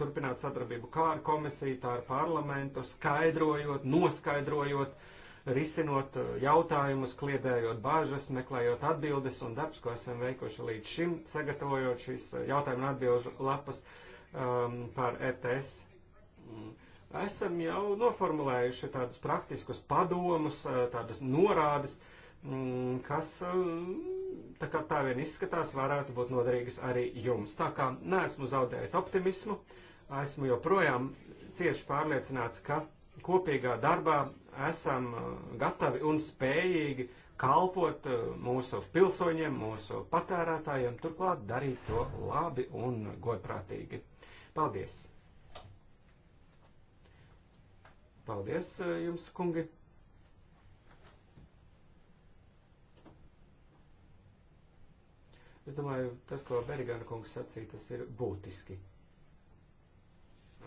turpināt sadarbību kā ar komisiju, tā ar parlamentu, skaidrojot, noskaidrojot, risinot jautājumus, kliedējot bāžas, meklējot atbildes un darbs, ko esam veikuši līdz šim, sagatavojot šīs jautājumu un atbilžu lapas. Uh, um, par RTS. E mm. Esam jau noformulējuši tādus praktiskus padomus, uh, tādas norādes, um, kas, um, tā kā tā vien izskatās, varētu būt noderīgas arī jums. Tā kā neesmu zaudējis optimismu, esmu joprojām cieši pārliecināts, ka kopīgā darbā esam uh, gatavi un spējīgi kalpot uh, mūsu pilsoņiem, mūsu patērētājiem, turklāt darīt to labi un godprātīgi. Paldies! Paldies eh, jums, kungi! Es domāju, tas, ko Berigana kungs sacīja, tas ir būtiski. Eh,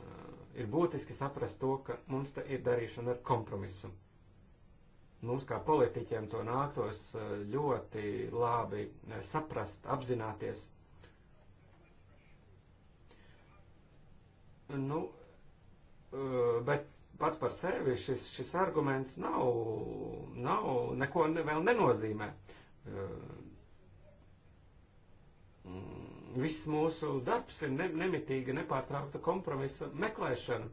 ir būtiski saprast to, ka mums te ir darīšana ar kompromisu. Mums kā politiķiem to nāktos eh, ļoti labi saprast, apzināties, Nu, eh, bet pats par sevi šis, šis arguments nav, nav neko vēl nenozīmē. Eh, mm, viss mūsu darbs ir ne, nemitīga, nepārtraukta kompromisa meklēšana.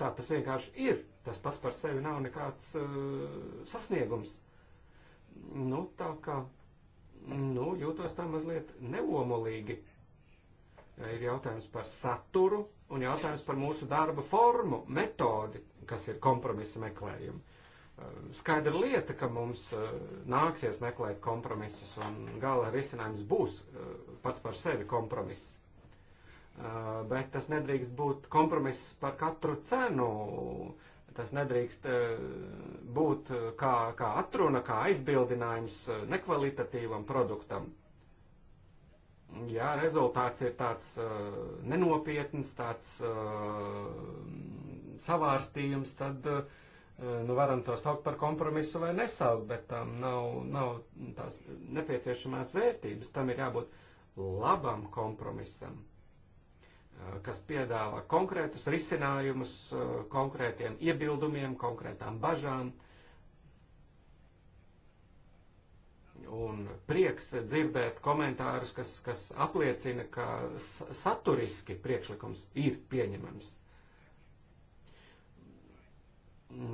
Tā tas vienkārši ir. Tas pats par sevi nav nekāds uh, sasniegums. Nu, tā kā nu, jūtos tā mazliet neomolīgi. Ir jautājums par saturu, un jautājums par mūsu darba formu, metodi, kas ir kompromisa meklējumi. Ehm, skaidra lieta, ka mums ehm, nāksies meklēt kompromisus un gala risinājums būs ehm, pats par sevi kompromiss. Bet tas nedrīkst būt kompromiss par katru cenu. Tas nedrīkst būt kā, kā atruna, kā aizbildinājums nekvalitatīvam produktam. Nu, jā, rezultāts ir tāds uh, nenopietns, tāds uh, savārstījums, tad uh, nu varam to saukt par kompromisu vai nesaukt, bet tam nav, nav tās nepieciešamās vērtības. Tam ir jābūt labam kompromisam, uh, kas piedāvā konkrētus risinājumus uh, konkrētiem iebildumiem, konkrētām bažām. Uh, un prieks dzirdēt komentārus, kas, kas apliecina, ka saturiski priekšlikums ir pieņemams.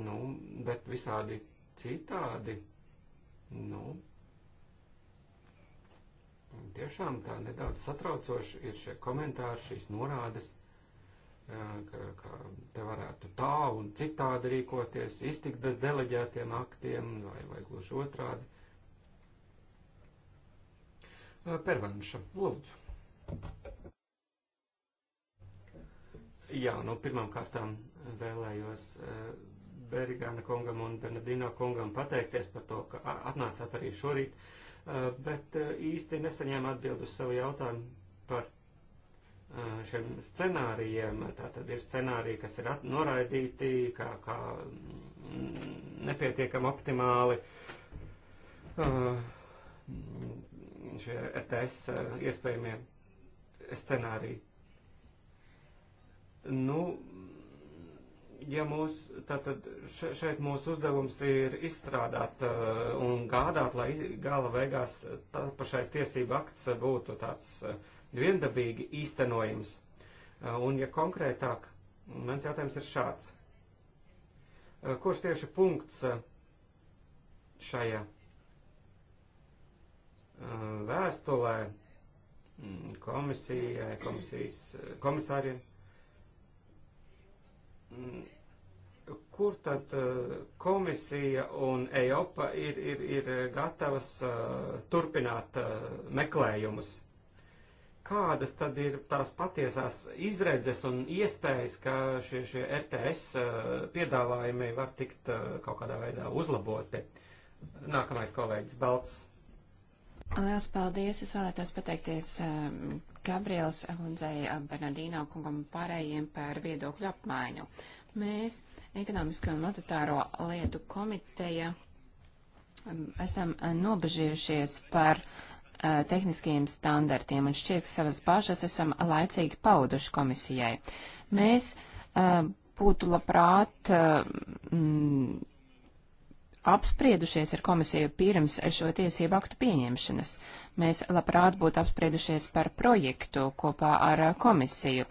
Nu, bet visādi citādi, nu, tiešām tā nedaudz satraucoši ir šie komentāri, šīs norādes, ka, ka te varētu tā un citādi rīkoties, iztikt bez deleģētiem aktiem vai, vai gluži otrādi. Eh, Pervanša, lūdzu. Jā, nu pirmām kārtām eh, vēlējos eh, Berigāna kungam un Bernardino kungam pateikties par to, ka atnācāt arī šorīt, bet īsti nesaņēmu atbildu uz savu jautājumu par šiem scenārijiem. Tātad ir scenāriji, kas ir noraidīti, kā, kā mm, nepietiekam optimāli šie RTS eh, iespējamie scenāriji. Nu, ja mūs, tātad šeit mūsu uzdevums ir izstrādāt eh, un gādāt, lai gala beigās tā pašais tiesība akts būtu tāds eh, viendabīgi īstenojams. Un, ja konkrētāk, mans jautājums ir šāds. Kurš tieši punkts šajā vēstulē mm, komisijai, komisijas komisāriem, mm, kur tad eh, komisija un Eiropa ir, ir, ir gatavas eh, turpināt eh, meklējumus? Kādas tad ir tās patiesās izredzes un iespējas, ka šie, šie RTS piedāvājumi var tikt kaut kādā veidā uzlaboti? Nākamais kolēģis Balts. Liels paldies! Es vēlētos pateikties um, Gabriels Lundzei, um, Bernardīno kungam un pārējiem par viedokļu apmaiņu. Mēs, ekonomisko un monetāro lietu komiteja, um, esam uh, nobežījušies par uh, tehniskajiem standartiem un šķiet, ka savas bažas esam laicīgi pauduši komisijai. Mēs uh, būtu labprāt m, apspriedušies ar komisiju pirms šo tiesību aktu pieņemšanas. Mēs labprāt būtu apspriedušies par projektu kopā ar komisiju.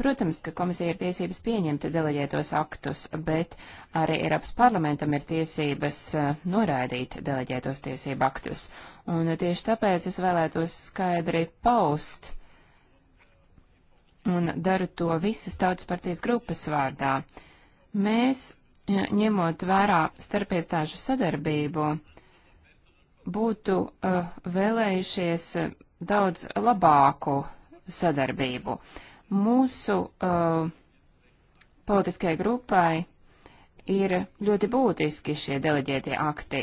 Protams, ka komisija ir tiesības pieņemt deleģētos aktus, bet arī Eiropas parlamentam ir tiesības eh, noraidīt deleģētos tiesību aktus. Un tieši tāpēc es vēlētos skaidri paust, un daru to visas tautas partijas grupas vārdā. Mēs ņemot vērā starpiestāžu sadarbību, būtu uh, vēlējušies eh, daudz labāku sadarbību. Mūsu uh, politiskajai grupai ir ļoti būtiski šie deleģētie akti,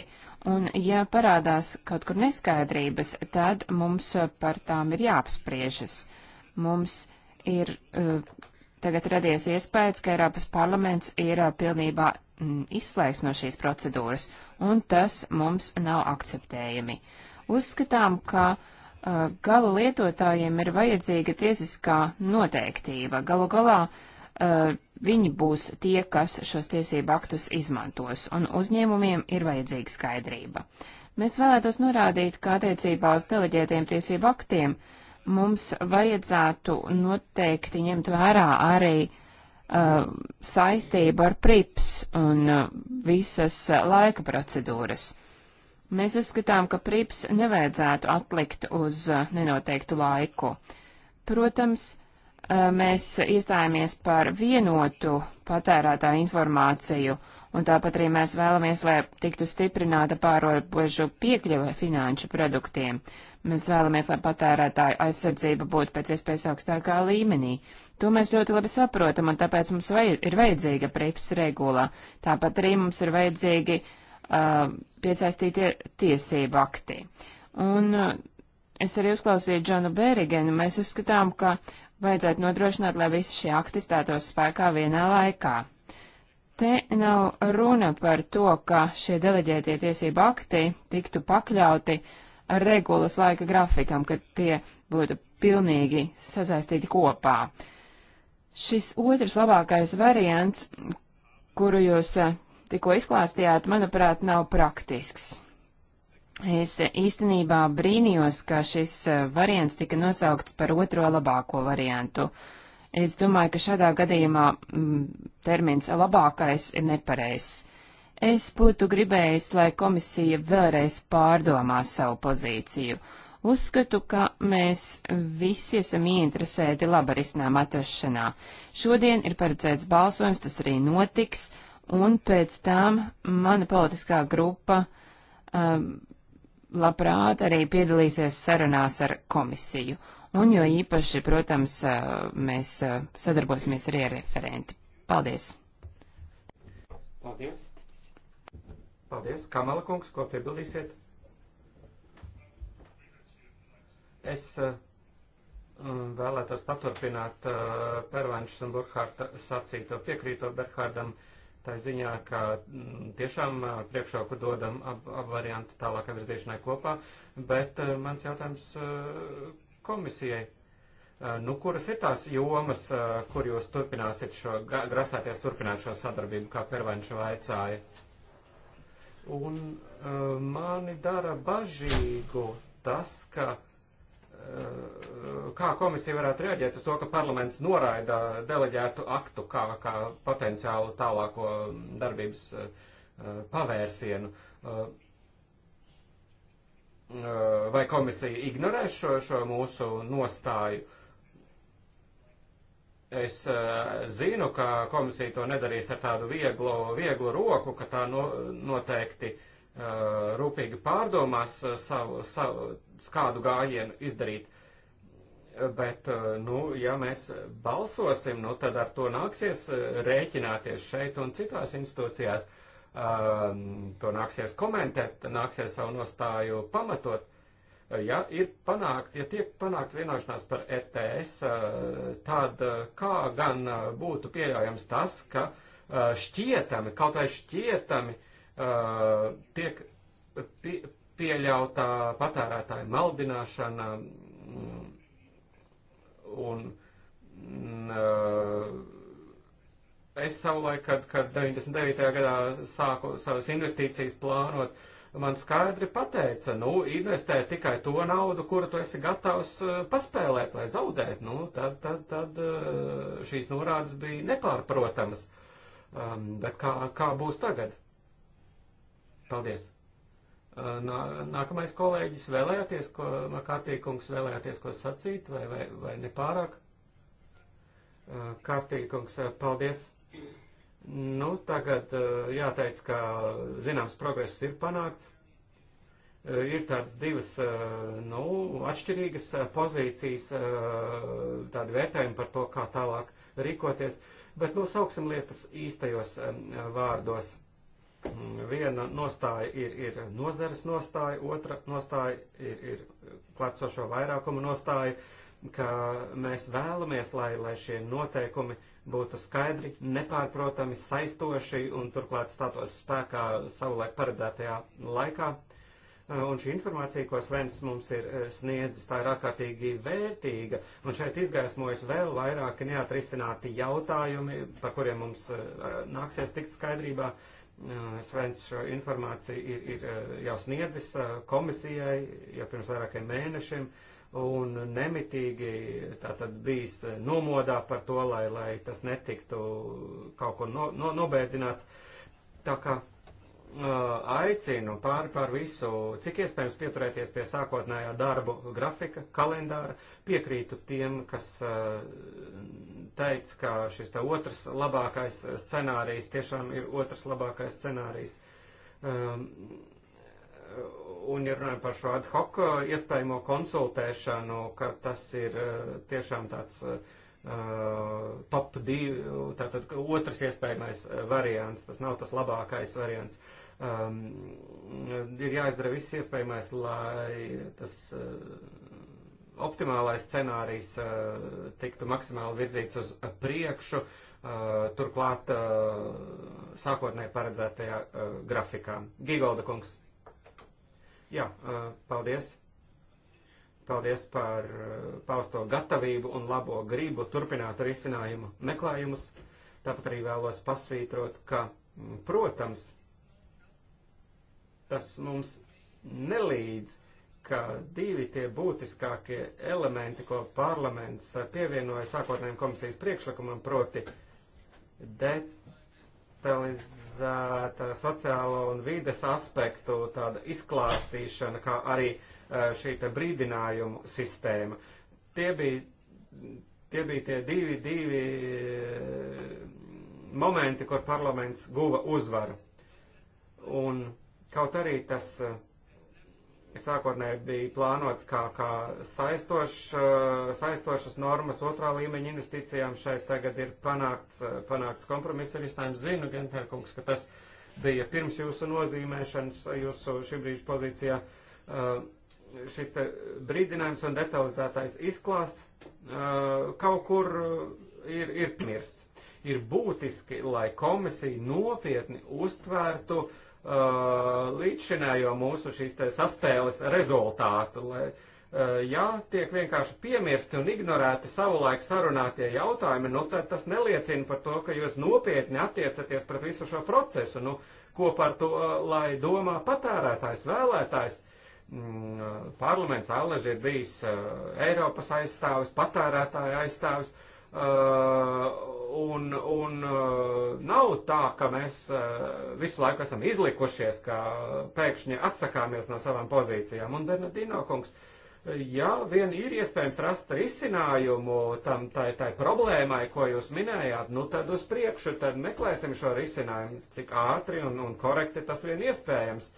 un ja parādās kaut kur neskaidrības, tad mums par tām ir jāapspriežas. Mums ir uh, Tagad radies iespējas, ka Eiropas parlaments ir pilnībā mm, izslēgts no šīs procedūras, un tas mums nav akceptējami. Uzskatām, ka uh, gala lietotājiem ir vajadzīga tiesiskā noteiktība. Galu galā uh, viņi būs tie, kas šos tiesību aktus izmantos, un uzņēmumiem ir vajadzīga skaidrība. Mēs vēlētos norādīt, ka attiecībā uz deleģētiem tiesību aktiem uh, mums vajadzētu noteikti ņemt vērā arī uh, saistību ar prips un uh, visas uh, laika procedūras. Mēs uzskatām, ka prips nevajadzētu atlikt uz uh, nenoteiktu laiku. Protams, uh, mēs iestājāmies par vienotu patērētāju informāciju Un tāpat arī mēs vēlamies, lai tiktu stiprināta pārobežu piekļuve finanšu produktiem. Mēs vēlamies, lai patērētāju aizsardzība būtu pēc iespējas augstākā līmenī. To mēs ļoti labi saprotam, un tāpēc mums vai, ir vajadzīga prips regulā. Tāpat arī mums ir vajadzīgi uh, piesaistītie tiesību akti. Un uh, es arī uzklausīju Džonu Bērigenu, mēs uzskatām, ka vajadzētu nodrošināt, lai visi šie akti stātos spēkā vienā laikā. Te nav runa par to, ka šie deleģētie tiesību akti tiktu pakļauti regulas laika grafikam, ka tie būtu pilnīgi sasaistīti kopā. Šis otrs labākais variants, kuru jūs eh, tikko izklāstījāt, manuprāt, nav praktisks. Es eh, īstenībā brīnījos, ka šis eh, variants tika nosaukts par otro labāko variantu. Uh, Es domāju, ka šādā gadījumā mm, termins labākais ir nepareizs. Es būtu gribējis, lai komisija vēlreiz pārdomā savu pozīciju. Uzskatu, ka mēs visi esam ieinteresēti laba risinājuma atrašanā. Šodien ir paredzēts balsojums, tas arī notiks, un pēc tam mana politiskā grupa um, labprāt arī piedalīsies sarunās ar komisiju un jo īpaši, protams, mēs sadarbosimies arī ar referenti. Paldies! Paldies! Paldies! Kamala kungs, ko piebildīsiet? Es uh, vēlētos paturpināt uh, Pervanšas un Burkhārta sacīto piekrīto Berhārdam. Tā ziņā, ka m, tiešām priekšroku dodam abu ab variantu tālākai virzīšanai kopā, bet uh, mans jautājums uh, komisijai, eh, nu, kuras ir tās jomas, eh, kur jūs turpināsiet šo, grasāties turpināt šo sadarbību, kā Pervanša vaicāja. Un eh, mani dara bažīgu tas, ka kā komisija varētu reaģēt uz to, ka parlaments noraida deleģētu aktu kā, kā potenciālu tālāko mm, darbības pavērsienu. Uh, Eh, vai komisija ignorēs šo, šo mūsu nostāju. Es eh, zinu, ka komisija to nedarīs ar tādu vieglu, vieglu roku, ka tā no, noteikti eh, rūpīgi pārdomās savu, savu, kādu gājienu izdarīt. Bet, nu, ja mēs balsosim, nu, tad ar to nāksies rēķināties šeit un citās institūcijās. Uh, Ehm, to nāksies komentēt, nāksies savu nostāju pamatot. Eh, ja ir panākt, ja tiek panākt vienošanās par RTS, eh, tad eh, kā gan būtu pieļaujams tas, ka šķietami, kaut vai šķietami tiek pieļautā patērētāja maldināšana mm, un mm, es savulaik, kad, kad 99. gadā sāku savas investīcijas plānot, man skaidri pateica, nu, investē tikai to naudu, kuru tu esi gatavs eh, paspēlēt vai zaudēt. Nu, tad, tad, tad eh, šīs norādes bija nepārprotamas. Um, bet kā, kā būs tagad? Paldies! Uh, nā, nākamais kolēģis vēlējāties, ko kārtīgums vēlējāties, ko sacīt, vai, vai, vai nepārāk? Uh, kārtīgums, paldies! Nu, tagad eh, jāteic, ka zināms progress ir panākts. Eh, ir tādas divas eh, nu, atšķirīgas pozīcijas, tādi vērtējumi par to, kā tālāk rīkoties, bet nosauksim nu, lietas īstajos vārdos. Mm, viena nostāja ir, ir nozares nostāja, otra nostāja ir, ir klātsošo vairākumu nostāja, ka mēs vēlamies, lai, lai šie noteikumi uh, būtu skaidri, nepārprotami, saistoši un turklāt statos spēkā savulaik paredzētajā laikā. Uh, un šī informācija, ko Svens mums ir uh, sniedzis, tā ir ārkārtīgi vērtīga. Un šeit izgaismojas vēl vairāki neatrisināti jautājumi, par kuriem mums uh, nāksies tikt skaidrībā. Svens šo informāciju ir, ir jau sniedzis komisijai jau pirms vairākiem mēnešiem. Uh, un nemitīgi tātad bijis nomodā par to, lai, lai tas netiktu kaut kur no, no, nobēdzināts. Tā kā aicinu pāri par visu, cik iespējams pieturēties pie sākotnējā darbu grafika, kalendāra. Piekrītu tiem, kas teica, ka šis te otrs labākais scenārijs tiešām ir otrs labākais scenārijs. Un, ja runājam par šo ad hoc eh, iespējamo konsultēšanu, ka tas ir eh, tiešām tāds uh, top divi, tātad otrs iespējamais variants, tas nav tas labākais variants. Um, ir jāizdara viss iespējamais, lai tas uh, optimālais scenārijs uh, tiktu maksimāli virzīts uz priekšu, uh, turklāt uh, sākotnēji paredzētajā uh, grafikā. Gigolda kungs. Jā, paldies. Paldies par pausto gatavību un labo gribu turpināt risinājumu meklējumus. Tāpat arī vēlos pasvītrot, ka, protams, tas mums nelīdz, ka divi tie būtiskākie elementi, ko parlaments pievienoja sākotnējiem komisijas priekšlikumam, proti de detalizēta sociālo un vides aspektu tāda izklāstīšana, kā arī e, šī te brīdinājumu sistēma. Tie bija, tie bija tie divi, divi e, momenti, kur parlaments guva uzvaru. Un kaut arī tas uh, sākotnēji bija plānots kā, kā saistoš, eh, saistošas normas otrā līmeņa investīcijām. Šeit tagad ir panākts, eh, panākts kompromisa risinājums. Zinu, Gentērkungs, ka tas bija pirms jūsu nozīmēšanas, jūsu šī brīža pozīcijā. Eh, šis te brīdinājums un detalizētais izklāsts kaut kur ir, ir mirsts. Ir būtiski, lai komisija nopietni uztvērtu uh, Uh, līdzšinējo mūsu šīs saspēles rezultātu. Lai, uh, ja tiek vienkārši piemirsti un ignorēti savulaik sarunātie jautājumi, nu tad tas neliecina par to, ka jūs nopietni attiecaties pret visu šo procesu. Nu, ko par to, uh, lai domā patērētājs, vēlētājs? Mm, parlaments Aleži ir bijis Eiropas aizstāvis, patērētāja aizstāvis. Uh, Eh, un, un eh, nav tā, ka mēs eh, visu laiku esam izlikušies, ka pēkšņi atsakāmies no savām pozīcijām. Un Bernardino kungs, ja vien ir iespējams rast risinājumu tam tai, tai problēmai, ko jūs minējāt, nu tad uz priekšu, tad meklēsim šo risinājumu, cik ātri un, un korekti tas vien iespējams.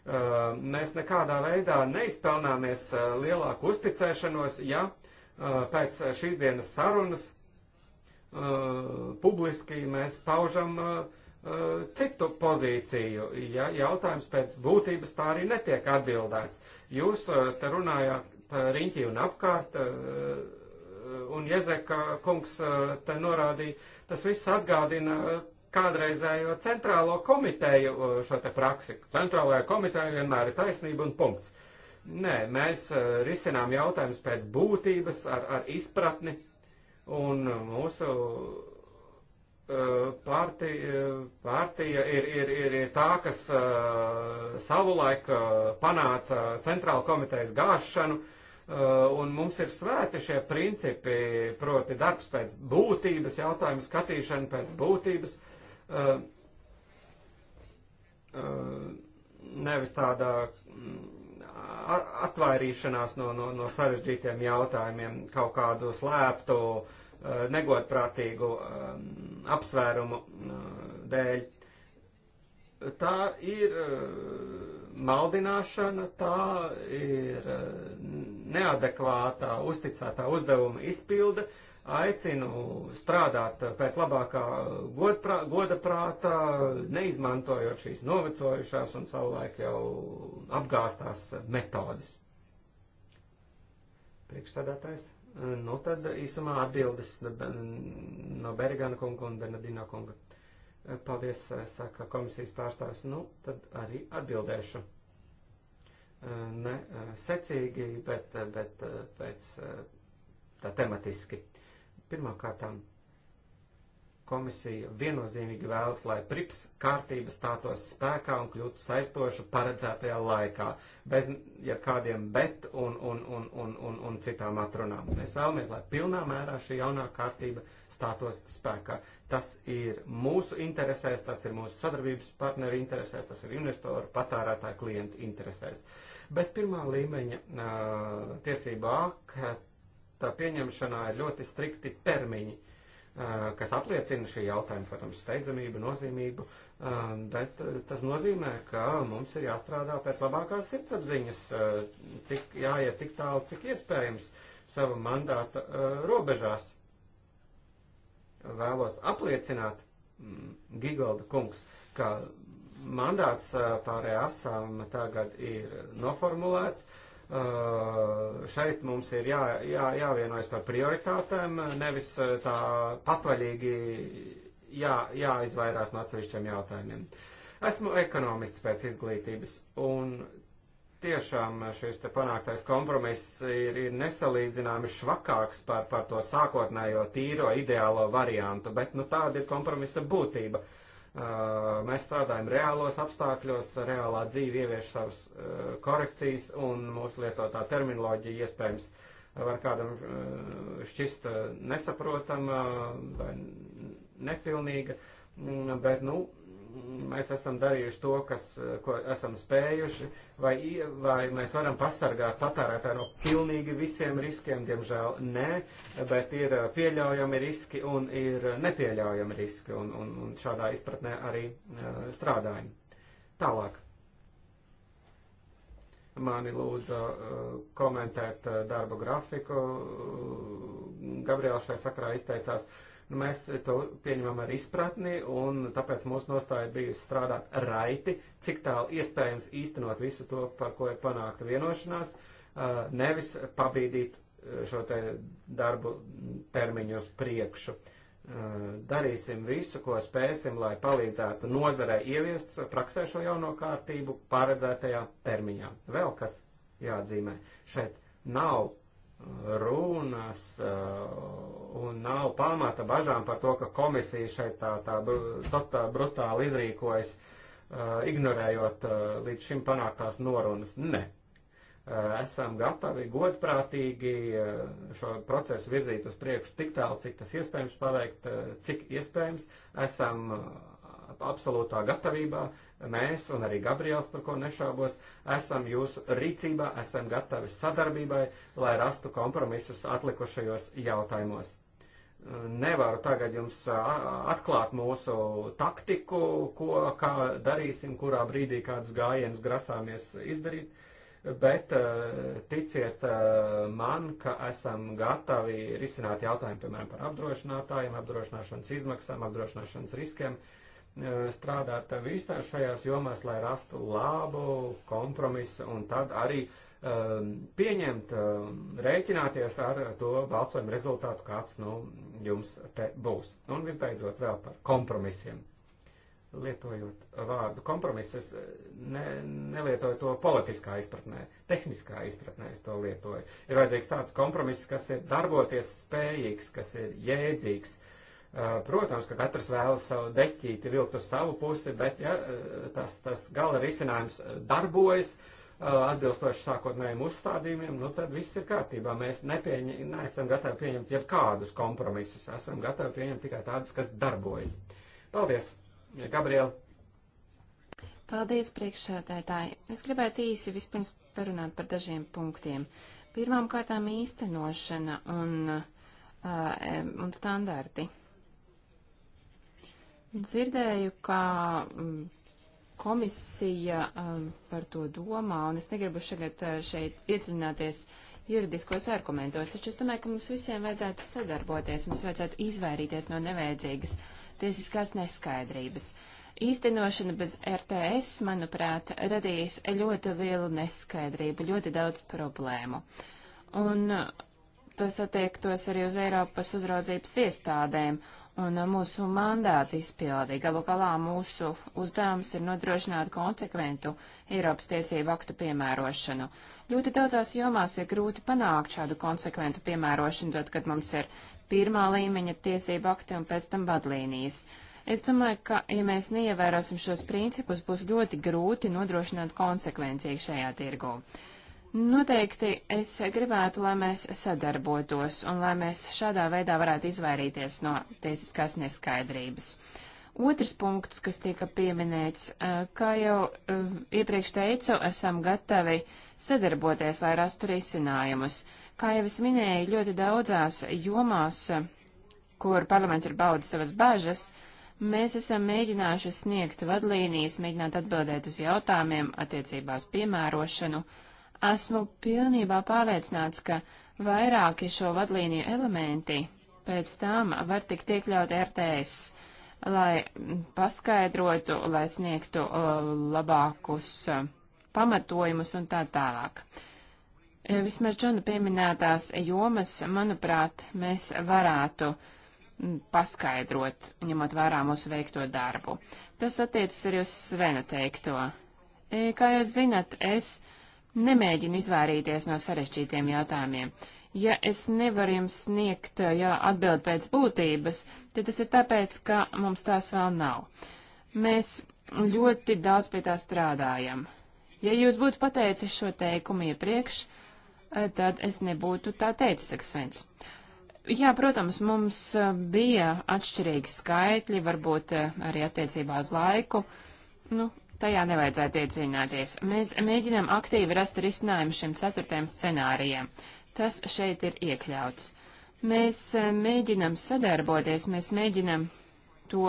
Uh, mēs nekādā veidā neizpelnāmies lielāku uzticēšanos, ja Eh, pēc eh, šīs dienas sarunas eh, publiski mēs paužam citu pozīciju, ja jautājums pēc būtības tā arī netiek atbildēts. Jūs te runājāt riņķi un apkārt, un Jezeka kungs te norādīja, tas viss atgādina kādreizējo centrālo komiteju šo te praksi. Centrālajā komiteja vienmēr ir taisnība un punkts. Uh, Nē, mēs eh, risinām jautājumus pēc būtības, ar, ar izpratni, un eh, mūsu eh, partija, partija ir, ir, ir, ir tā, kas savulaik panāca centrāla komitejas gāšanu, un mums ir svēti šie principi, proti darbs pēc būtības, jautājumu skatīšana pēc būtības. Nevis tādā mm, atvairīšanās no, no, no sarežģītiem jautājumiem, kaut kādu slēptu, eh, negodprātīgu eh, apsvērumu eh, dēļ. Tā ir maldināšana, tā ir neadekvātā uzticētā uzdevuma izpilde, uh, aicinu strādāt pēc labākā godprā, goda prāta, neizmantojot šīs novecojušās un savulaik jau apgāstās metodas. Priekšsēdētājs. Nu, tad īsumā atbildes no Bergana kunga un Bernardino kunga. Paldies, saka komisijas pārstāvis. Nu, tad arī atbildēšu ne secīgi, bet, bet pēc tā tematiski. Pirmkārtām, komisija viennozīmīgi vēlas, lai prips kārtība stātos spēkā un kļūtu saistoša paredzētajā laikā, bez jebkādiem bet un, un, un, un, un, un citām atrunām. Mēs vēlamies, lai pilnā mērā šī jaunā kārtība stātos spēkā. Tas ir mūsu interesēs, tas ir mūsu sadarbības partneru interesēs, tas ir investoru, patērētāju, klientu interesēs. Bet pirmā līmeņa uh, tiesība akta akta pieņemšanā ir ļoti strikti termiņi, kas apliecina šī jautājuma, protams, steidzamību, nozīmību, bet tas nozīmē, ka mums ir jāstrādā pēc labākās sirdsapziņas, cik jāiet tik tālu, cik iespējams sava mandāta robežās. Vēlos apliecināt, mm, Gigolda kungs, ka mandāts pārējā asām tagad ir noformulēts. Uh, Eh, šeit mums ir jā, jā, jāvienojas par prioritātēm, nevis eh, tā patvaļīgi jā, jāizvairās no atsevišķiem jautājumiem. Esmu ekonomists pēc izglītības, un tiešām šis te panāktais kompromiss ir, ir nesalīdzināmi švakāks par, par to sākotnējo tīro ideālo variantu, bet nu tāda ir kompromisa būtība. Uh, Mēs strādājam reālos apstākļos, reālā dzīve ievieš savas korekcijas un mūsu lietotā terminoloģija iespējams var kādam šķist nesaprotama vai nepilnīga, bet, nu, mēs esam darījuši to, kas, eh, ko esam spējuši, vai, vai mēs varam pasargāt patērētāju no pilnīgi visiem riskiem, diemžēl nē, bet ir eh, pieļaujami riski un ir nepieļaujami riski, un, un, un šādā izpratnē arī eh, strādājam. Tālāk. Mani lūdza komentēt darba grafiku. Gabriela šai sakrā izteicās, uh, Mēs to pieņemam ar izpratni, un tāpēc mūsu nostāja bijusi strādāt raiti, cik tālu iespējams īstenot visu to, par ko ir panākta vienošanās, nevis pabīdīt šo te darbu termiņu uz priekšu. Darīsim visu, ko spēsim, lai palīdzētu nozarei ieviest praksē šo jauno kārtību paredzētajā termiņā. Vēl kas jāatzīmē. Šeit nav runas uh, un nav pamata bažām par to, ka komisija šeit tā, tā, tā, tā brutāli izrīkojas, uh, ignorējot uh, līdz šim panāktās norunas. Nē. Esam gatavi godprātīgi šo procesu virzīt uz priekšu tik tālu, cik tas iespējams paveikt, cik iespējams. Esam absolūtā gatavībā mēs un arī Gabriels, par ko nešaubos, esam jūsu rīcībā, esam gatavi sadarbībai, lai rastu kompromisus atlikušajos jautājumos. Nevaru tagad jums atklāt mūsu taktiku, ko, kā darīsim, kurā brīdī kādus gājienus grasāmies izdarīt bet ticiet man, ka esam gatavi risināt jautājumu, piemēram, par apdrošinātājiem, apdrošināšanas izmaksām, apdrošināšanas riskiem, strādāt visā šajās jomās, lai rastu labu kompromisu un tad arī um, pieņemt, um, rēķināties ar to balsojumu rezultātu, kāds nu jums te būs. Un visbeidzot vēl par kompromisiem. Lietojot vārdu kompromiss, es ne, nelietoju to politiskā izpratnē, tehniskā izpratnē es to lietoju. Ir vajadzīgs tāds kompromiss, kas ir darboties spējīgs, kas ir jēdzīgs, uh, Eh, protams, ka katrs vēlas savu deķīti vilkt uz savu pusi, bet ja eh, tas, tas gala risinājums eh, darbojas atbilstoši sākotnējiem uzstādījumiem, nu tad viss ir kārtībā. Mēs nepieņem, neesam gatavi pieņemt jebkādus kompromisus, esam gatavi pieņemt tikai tādus, kas darbojas. Paldies, Gabriela! Paldies, priekšsēdētāji. Es gribētu īsi vispirms parunāt par dažiem punktiem. Pirmām kārtām īstenošana un, uh, un standarti. Dzirdēju, ka mm, komisija mm, par to domā, un es negribu šagad mm, šeit iedziļināties juridiskos argumentos, taču es domāju, ka mums visiem vajadzētu sadarboties, mums vajadzētu izvairīties no nevajadzīgas tiesiskās neskaidrības. Īstenošana bez RTS, manuprāt, radīs ļoti lielu neskaidrību, ļoti daudz problēmu. Un tas attiektos arī uz Eiropas uzraudzības iestādēm un uh, mūsu mandāta izpildi. Galu galā mūsu uzdevums ir nodrošināt konsekventu Eiropas tiesību aktu piemērošanu. Ļoti daudzās jomās ir grūti panākt šādu konsekventu piemērošanu, tad, kad mums ir pirmā līmeņa tiesību akti un pēc tam vadlīnijas. Es domāju, ka, ja mēs neievērosim šos principus, būs ļoti grūti nodrošināt konsekvenciju šajā tirgū. Noteikti es gribētu, lai mēs sadarbotos un lai mēs šādā veidā varētu izvairīties no tiesiskās neskaidrības. Otrs punkts, kas tika pieminēts, eh, kā jau eh, iepriekš teicu, esam gatavi sadarboties, lai rastu risinājumus. Kā jau es minēju, ļoti daudzās jomās, kur parlaments ir baudis savas bažas, mēs esam mēģinājuši sniegt vadlīnijas, mēģināt atbildēt uz jautājumiem attiecībās piemērošanu. Uh, Esmu pilnībā pārliecināts, ka vairāki šo vadlīniju elementi pēc tam var tikt iekļauti RTS, lai paskaidrotu, lai sniegtu uh, labākus uh, pamatojumus un tā tālāk. E, vismaz Džona pieminētās jomas, manuprāt, mēs varētu paskaidrot, ņemot vērā mūsu veikto darbu. Tas attiecas arī uz Svena teikto. E, kā jūs zinat, es nemēģinu izvairīties no sarežģītiem jautājumiem. Ja es nevaru jums sniegt eh, jā, atbildi pēc būtības, tad tas ir tāpēc, ka mums tās vēl nav. Mēs ļoti daudz pie tā strādājam. Ja jūs būtu pateicis šo teikumu iepriekš, eh, tad es nebūtu tā teicis, saka Svens. Jā, protams, mums eh, bija atšķirīgi skaitļi, varbūt arī attiecībā uz laiku. Nu, tajā nevajadzētu iedziļināties. Mēs mēģinām aktīvi rast risinājumu šim ceturtajam scenārijam. Tas šeit ir iekļauts. Mēs eh, mēģinam sadarboties, mēs mēģinam to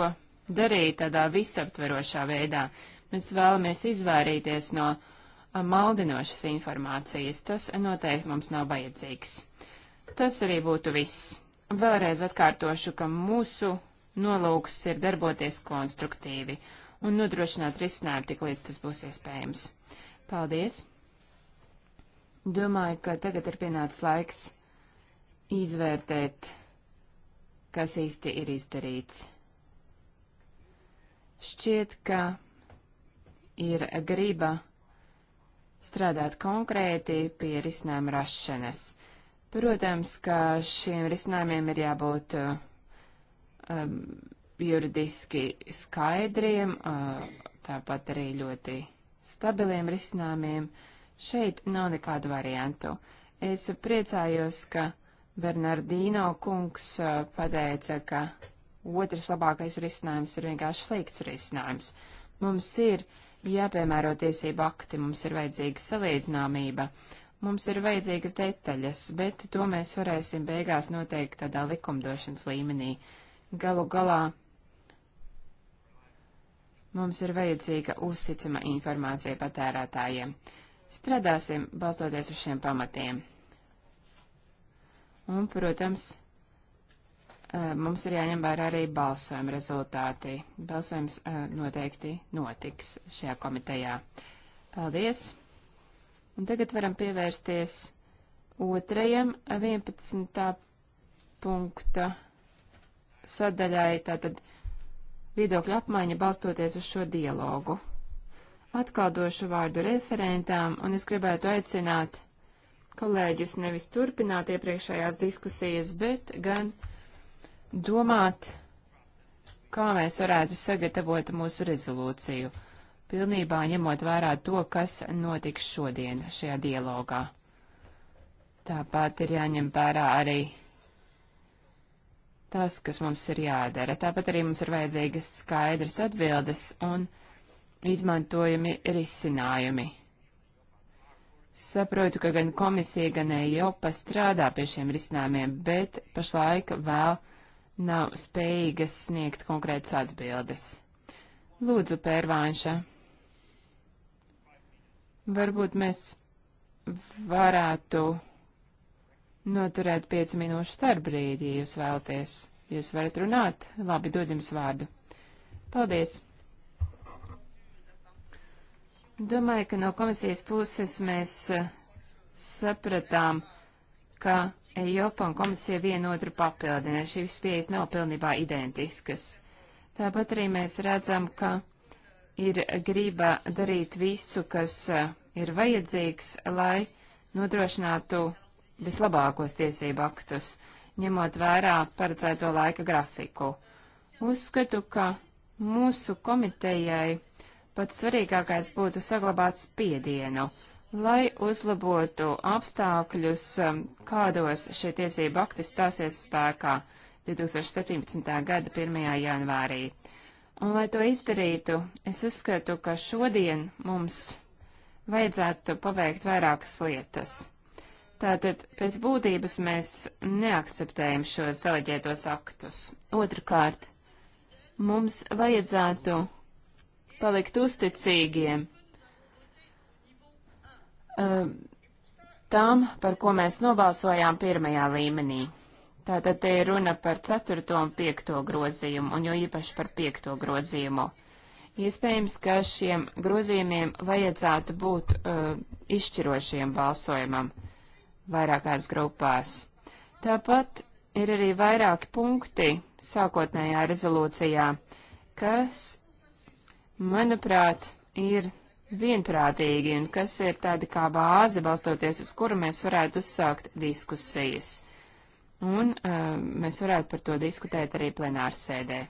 darīt tādā visaptverošā veidā. Mēs vēlamies izvairīties no eh, maldinošas informācijas. Tas noteikti mums nav vajadzīgs. Tas arī būtu viss. Vēlreiz atkārtošu, ka mūsu nolūks ir darboties konstruktīvi un nodrošināt risinājumu tik līdz tas būs iespējams. Paldies! Domāju, ka tagad ir pienācis laiks izvērtēt, kas īsti ir izdarīts. Šķiet, ka ir griba strādāt konkrēti pie risinājuma rašanas. Protams, ka šiem risinājumiem ir jābūt um, juridiski skaidriem, tāpat arī ļoti stabiliem risinājumiem. Šeit nav nekādu variantu. Es priecājos, ka Bernardīno kungs pateica, ka otrs labākais risinājums ir vienkārši slikts risinājums. Mums ir jāpiemēro tiesību akti, mums ir vajadzīga salīdzināmība, mums ir vajadzīgas detaļas, bet to mēs varēsim beigās noteikt tādā likumdošanas līmenī. Galu galā Mums ir vajadzīga uzticama informācija patērētājiem. Strādāsim balstoties uz šiem pamatiem. Un, protams, mums ir jāņem vērā arī balsojuma rezultāti. Balsojums noteikti notiks šajā komitejā. Paldies! Un tagad varam pievērsties otrajam 11. punkta sadaļai, tātad viedokļu apmaiņa balstoties uz šo dialogu. Atkal došu vārdu referentām, un es gribētu aicināt kolēģus nevis turpināt iepriekšējās diskusijas, bet gan domāt, kā mēs varētu sagatavot mūsu rezolūciju, pilnībā ņemot vērā to, kas notiks šodien šajā dialogā. Tāpat ir jāņem vērā arī tas, kas mums ir jādara. Tāpat arī mums ir vajadzīgas skaidras atbildes un izmantojami risinājumi. Saprotu, ka gan komisija, gan EIOPA strādā pie šiem risinājumiem, bet pašlaik vēl nav spējīgas sniegt konkrētas atbildes. Lūdzu, Pērvānša, varbūt mēs varētu noturēt piecu minūšu starpbrīdi, ja jūs vēlaties. Jūs varat runāt, labi, dod jums vārdu. Paldies! Domāju, ka no komisijas puses mēs eh, sapratām, ka Eiropa un komisija vienotru papildina. Šīs pieejas nav pilnībā identiskas. Tāpat arī mēs redzam, ka ir grība darīt visu, kas eh, ir vajadzīgs, lai nodrošinātu vislabākos tiesību aktus, ņemot vērā paredzēto laika grafiku. Uzskatu, ka mūsu komitejai pats svarīgākais būtu saglabāt spiedienu, lai uzlabotu apstākļus, um, kādos šie tiesību akti stāsies spēkā 2017. gada 1. janvārī. Un, lai to izdarītu, es uzskatu, ka šodien mums vajadzētu paveikt vairākas lietas. Tātad pēc būtības mēs neakceptējam šos deleģētos aktus. Otrakārt, mums vajadzētu palikt uzticīgiem uh, tam, par ko mēs nobalsojām pirmajā līmenī. Tātad te ir runa par 4. un 5. grozījumu, un jo īpaši par 5. grozījumu. Iespējams, ka šiem grozījumiem vajadzētu būt uh, izšķirošiem balsojumam. Uh, vairākās grupās. Tāpat ir arī vairāki punkti sākotnējā rezolūcijā, kas, manuprāt, ir vienprātīgi un kas ir tādi kā bāze, balstoties uz kuru mēs varētu uzsākt diskusijas. Un uh, mēs varētu par to diskutēt arī plenārsēdē.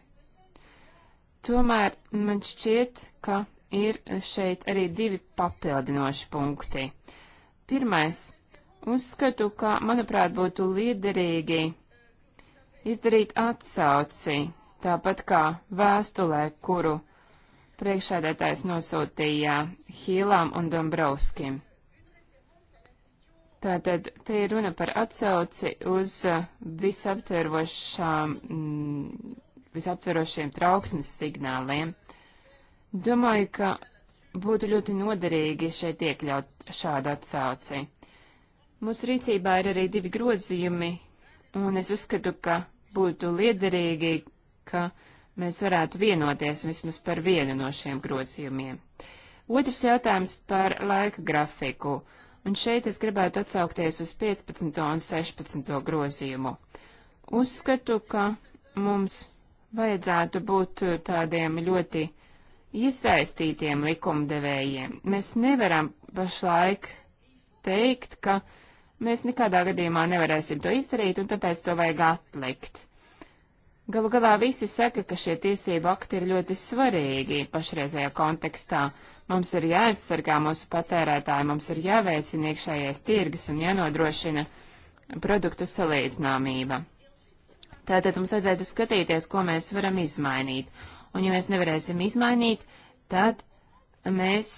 Tomēr man šķiet, ka ir šeit arī divi papildinoši punkti. Pirmais Uzskatu, ka, manuprāt, būtu liederīgi izdarīt atsauci, tāpat kā vēstulē, kuru priekšādētājs nosūtīja Hīlām un Dombrovskim. Tātad te ir runa par atsauci uz visaptverošām, mm, visaptverošiem trauksmes signāliem. Domāju, ka būtu ļoti noderīgi šeit iekļaut šādu atsauci. Mūsu rīcībā ir arī divi grozījumi, un es uzskatu, ka būtu liederīgi, ka mēs varētu vienoties vismaz par vienu no šiem grozījumiem. Otrs jautājums par laika grafiku, un šeit es gribētu atsaukties uz 15. un 16. grozījumu. Uzskatu, ka mums vajadzētu būt tādiem ļoti iesaistītiem likumdevējiem. Mēs nevaram pašlaik teikt, ka uh, Mēs nekādā gadījumā nevarēsim to izdarīt, un tāpēc to vajag atlikt. Galu galā visi saka, ka šie tiesību akti ir ļoti svarīgi pašreizējā kontekstā. Mums ir jāaizsargā mūsu patērētāji, mums ir jāveicina iekšējais tirgus un jānodrošina produktu salīdzināmība. Tātad mums vajadzētu skatīties, ko mēs varam izmainīt. Un ja mēs nevarēsim izmainīt, tad mēs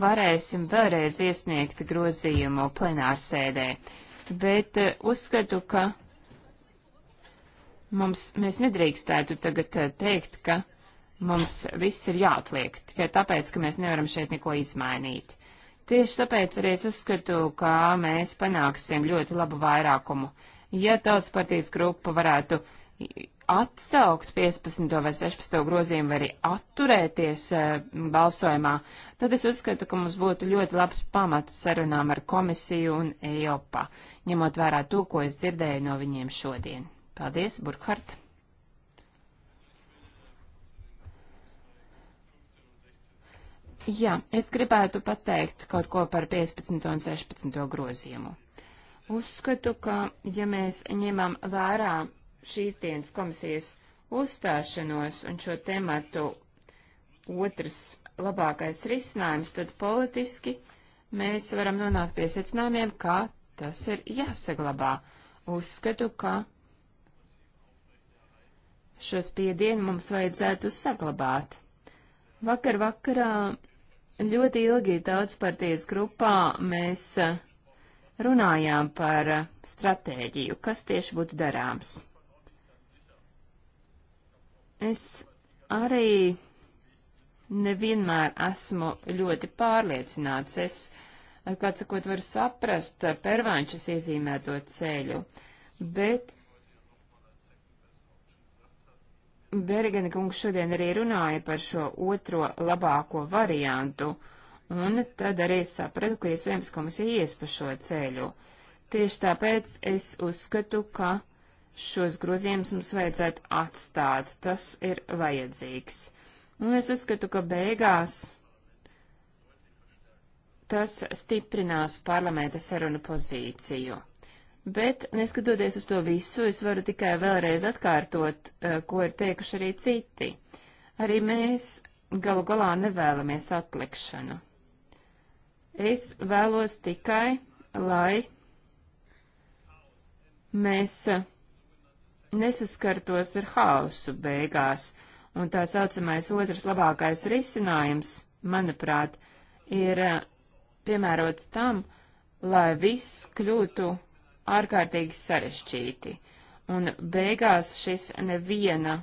varēsim vēlreiz iesniegt grozījumu plenārsēdē, bet eh, uzskatu, ka mums, mēs nedrīkstētu tagad eh, teikt, ka mums viss ir jāatliek, tikai tāpēc, ka mēs nevaram šeit neko izmainīt. Tieši tāpēc arī es uzskatu, ka mēs panāksim ļoti labu vairākumu. Ja tautas partijas grupa varētu uh, atsaukt 15. vai 16. grozījumu vai arī atturēties e, balsojumā, tad es uzskatu, ka mums būtu ļoti labs pamats sarunām ar komisiju un EIOPA, ņemot vērā to, ko es dzirdēju no viņiem šodien. Paldies, Burkhardt! Jā, es gribētu pateikt kaut ko par 15. un 16. grozījumu. Uzskatu, ka, ja mēs ņemam vērā šīs dienas komisijas uzstāšanos un šo tematu otrs labākais risinājums, tad politiski mēs varam nonākt pie secinājumiem, ka tas ir jāsaglabā. Uzskatu, ka šo spiedienu mums vajadzētu saglabāt. Vakar vakarā ļoti ilgi daudzpartijas grupā mēs eh, runājām par eh, stratēģiju, kas tieši būtu darāms. Es arī nevienmēr esmu ļoti pārliecināts. Es, kā sakot, varu saprast pervāņšas iezīmēto ceļu, bet Bergena kungs šodien arī runāja par šo otro labāko variantu, un tad arī sapratu, ka iespējams komisija ies pa šo ceļu. Tieši tāpēc es uzskatu, ka šos grozījumus mums vajadzētu atstāt. Tas ir vajadzīgs. Un es uzskatu, ka beigās tas stiprinās parlamenta sarunu pozīciju. Bet, neskatoties uz to visu, es varu tikai vēlreiz atkārtot, eh, ko ir teikuši arī citi. Arī mēs galu galā nevēlamies atlikšanu. Es vēlos tikai, lai mēs nesaskartos ar haosu beigās, un tā saucamais otrs labākais risinājums, manuprāt, ir eh, piemērots tam, lai viss kļūtu ārkārtīgi sarešķīti, un beigās šis neviena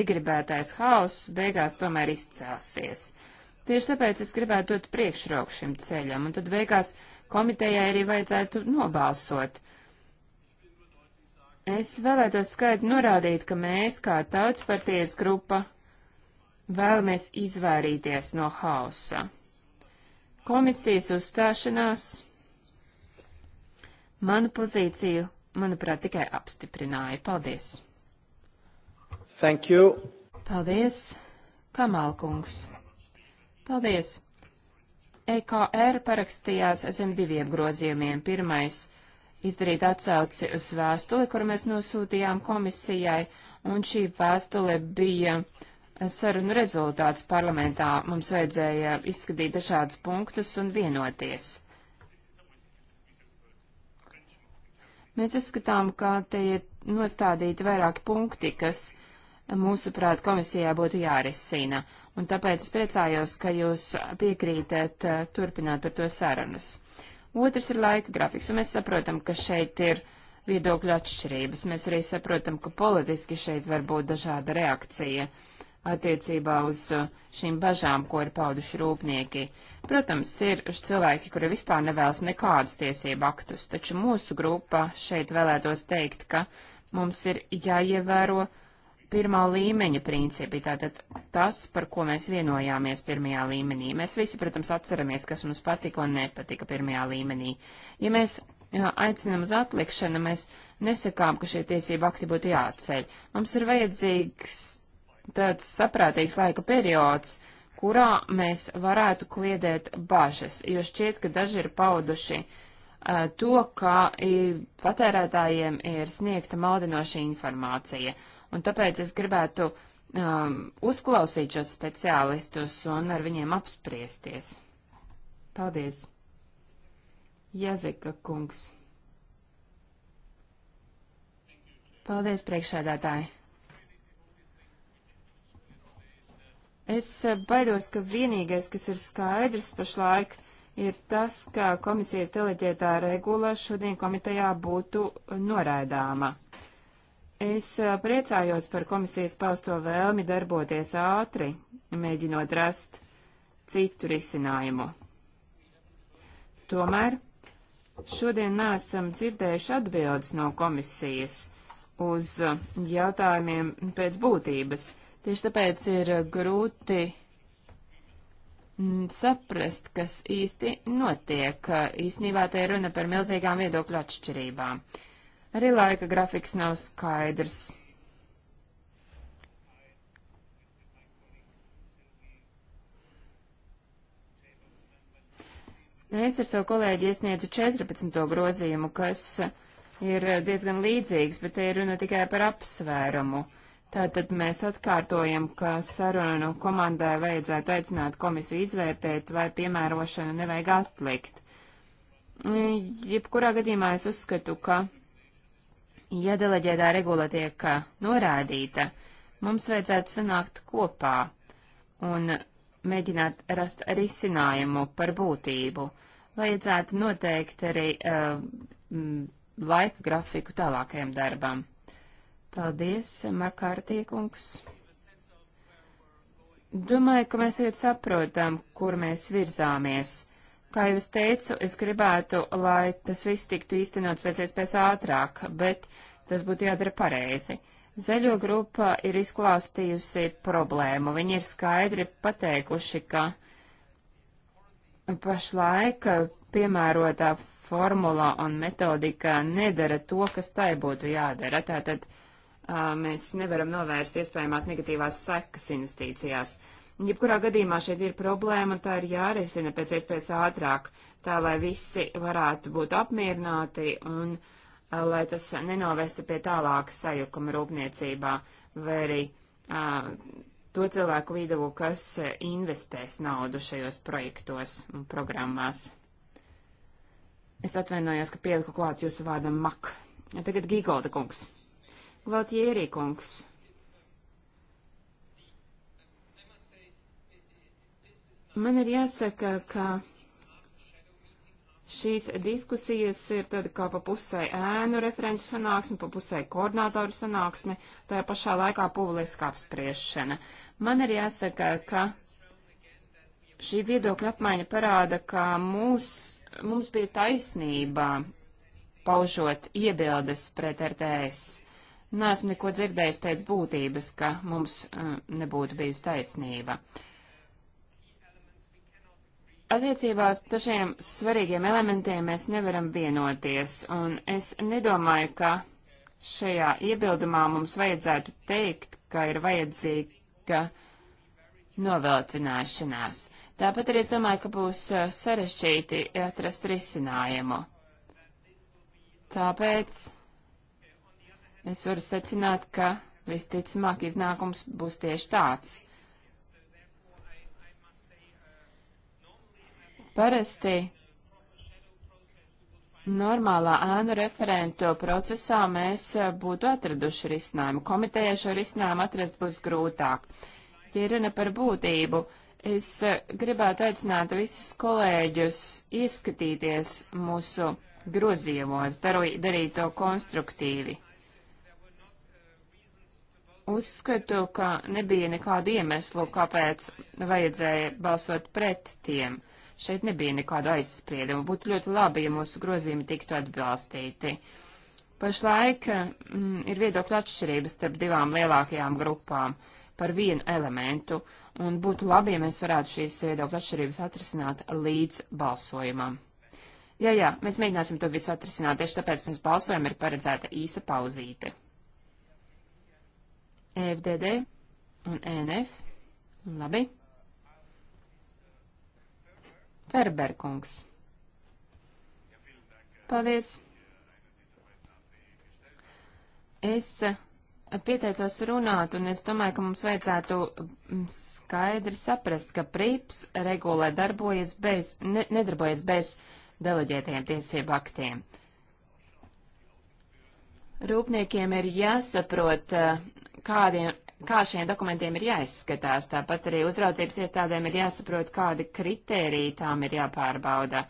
negribētais haoss beigās tomēr izcelsies. Tieši tāpēc es gribētu dot priekšroku šim ceļam, un tad beigās komitejai arī vajadzētu nobalsot, uh, Es vēlētos skaidri norādīt, ka mēs, kā tautspartijas grupa, vēlamies izvairīties no hausa. Komisijas uzstāšanās manu pozīciju, manuprāt, tikai apstiprināja. Paldies! Thank you! Paldies, Kamalkungs! Paldies! EKR parakstījās zem diviem grozījumiem. Pirmais izdarīt atsauci uz vēstuli, kuru mēs nosūtījām komisijai, un šī vēstule bija sarunu rezultāts parlamentā. Mums vajadzēja izskatīt dažādus punktus un vienoties. Mēs uzskatām, ka te ir nostādīti vairāki punkti, kas mūsuprāt komisijā būtu jārisina, un tāpēc es priecājos, ka jūs piekrītat turpināt par to sarunas. Otrs ir laika grafiks, un mēs saprotam, ka šeit ir viedokļu atšķirības. Mēs arī saprotam, ka politiski šeit var būt dažāda reakcija attiecībā uz uh, šīm bažām, ko ir pauduši rūpnieki. Protams, ir cilvēki, kuri vispār nevēlas nekādus tiesību aktus, taču mūsu grupa šeit vēlētos teikt, ka mums ir jāievēro pirmā līmeņa principi, tātad tas, par ko mēs vienojāmies pirmajā līmenī. Mēs visi, protams, atceramies, kas mums patika un nepatika pirmajā līmenī. Ja mēs aicinām uz atlikšanu, mēs nesakām, ka šie tiesību akti būtu jāatceļ. Mums ir vajadzīgs tāds saprātīgs laika periods, kurā mēs varētu kliedēt bažas, jo šķiet, ka daži ir pauduši uh, to, ka patērētājiem ir sniegta maldinoša informācija, Un tāpēc es gribētu um, uzklausīt šos speciālistus un ar viņiem apspriesties. Paldies! Jazika kungs. Paldies, priekšsēdētāji! Es eh, baidos, ka vienīgais, kas ir skaidrs pašlaik, ir tas, ka komisijas deleģētā regula šodien komitejā būtu noraidāma. Es priecājos par komisijas pausto vēlmi darboties ātri, mēģinot rast citu risinājumu. Tomēr šodien nesam dzirdējuši atbildes no komisijas uz jautājumiem pēc būtības. Tieši tāpēc ir grūti mm, saprast, kas īsti notiek. Īsnībā te runa par milzīgām viedokļu atšķirībām. Uh, Arī laika grafiks nav skaidrs. Es ar savu kolēģi iesniedzu 14. grozījumu, kas ir diezgan līdzīgs, bet te ir runa tikai par apsvērumu. Tātad mēs atkārtojam, ka sarunu komandai vajadzētu aicināt komisiju izvērtēt, vai piemērošanu nevajag atlikt. Jebkurā gadījumā es uzskatu, ka Ja deleģētā regula tiek uh, norādīta, mums vajadzētu sanākt kopā un mēģināt rast risinājumu par būtību. Vajadzētu noteikt arī uh, laika grafiku tālākajam darbam. Paldies, Makārtīkungs. Domāju, ka mēs iet saprotam, kur mēs virzāmies. Kā jau es teicu, es gribētu, lai tas viss tiktu īstenots pēc iespējas ātrāk, bet tas būtu jādara pareizi. Zaļo grupa ir izklāstījusi problēmu. Viņi ir skaidri pateikuši, ka pašlaik piemērotā formula un metodika nedara to, kas tai būtu jādara. Tātad mēs nevaram novērst iespējamās negatīvās sekas investīcijās. Jebkurā gadījumā šeit ir problēma, tā ir jārisina pēc iespējas ātrāk, tā lai visi varētu būt apmierināti un lai tas nenovestu pie tālāka sajukuma rūpniecībā vai arī uh, to cilvēku vidū, kas investēs naudu šajos projektos un programmās. Es atvainojos, ka pieliku klāt jūsu vārdam mak. Tagad Gīgolda kungs. Gvaltjērī kungs. Man ir jāsaka, ka šīs diskusijas ir tad kā pa pusē ēnu referenču sanāksme, pa pusē koordinātoru sanāksme, tajā pašā laikā publiska apspriešana. Man ir jāsaka, ka šī viedokļa apmaiņa parāda, ka mūs, mums bija taisnība paužot iebildes pret RTS. Nāsmu neko dzirdējis pēc būtības, ka mums uh, nebūtu bijusi taisnība. Uh, attiecībā uz dažiem svarīgiem elementiem mēs nevaram vienoties, un es nedomāju, ka šajā iebildumā mums vajadzētu teikt, ka ir vajadzīga novelcināšanās. Tāpat arī es domāju, ka būs sarežģīti atrast risinājumu. Tāpēc es varu secināt, ka visticamāk iznākums būs tieši tāds Parasti normālā ēnu referentu procesā mēs eh, būtu atraduši risinājumu. Komitejai šo risinājumu atrast būs grūtāk. Ja runa par būtību, es eh, gribētu aicināt visus kolēģus ieskatīties mūsu grozījumos, darīt to konstruktīvi. Uzskatu, ka nebija nekādu iemeslu, kāpēc vajadzēja balsot pret tiem. Uh, Šeit nebija nekādu aizspriedumu. Būtu ļoti labi, ja mūsu grozījumi tiktu atbalstīti. Pašlaik mm, ir viedokļu atšķirības starp divām lielākajām grupām par vienu elementu, un būtu labi, ja mēs varētu šīs viedokļu atšķirības atrisināt līdz balsojumam. Jā, jā, mēs mēģināsim to visu atrisināt, tieši tāpēc pirms balsojuma ir paredzēta īsa pauzīte. EFDD un ENF. Labi. Ferberkungs. Paldies. Es pieteicos runāt, un es domāju, ka mums vajadzētu skaidri saprast, ka prips regulē darbojas bez, ne, nedarbojas bez deleģētajiem tiesību aktiem. Rūpniekiem ir jāsaprot, kādiem, kā šiem dokumentiem ir jāizskatās. Tāpat arī uzraudzības iestādēm ir jāsaprot, kādi kriteriji tām ir jāpārbauda.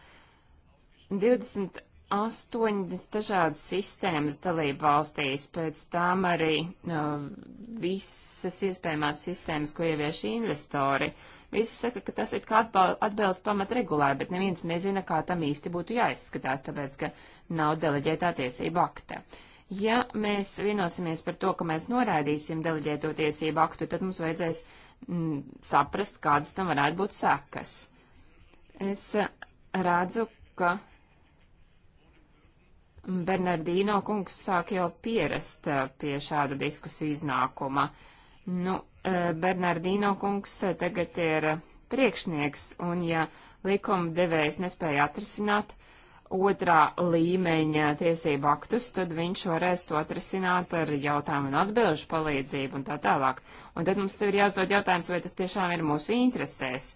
28 dažādas sistēmas dalību valstīs, pēc tam arī no, nu, visas iespējamās sistēmas, ko ievieš investori. Visi saka, ka tas ir kā atbilst pamatregulē, bet neviens nezina, kā tam īsti būtu jāizskatās, tāpēc, ka nav deleģētā tiesība akta. Uh, Ja mēs vienosimies par to, ka mēs noraidīsim deleģēto tiesību aktu, tad mums vajadzēs mm, saprast, kādas tam varētu būt sekas. Es eh, redzu, ka Bernardīno kungs sāk jau pierast eh, pie šāda diskusiju iznākuma. Nu, eh, Bernardīno kungs tagad ir priekšnieks, un ja likuma devējs nespēja atrisināt uh, otrā līmeņa tiesību aktus, tad viņš varēs to atrisināt ar jautājumu un atbilžu palīdzību un tā tālāk. Un tad mums ir jāuzdod jautājums, vai tas tiešām ir mūsu interesēs.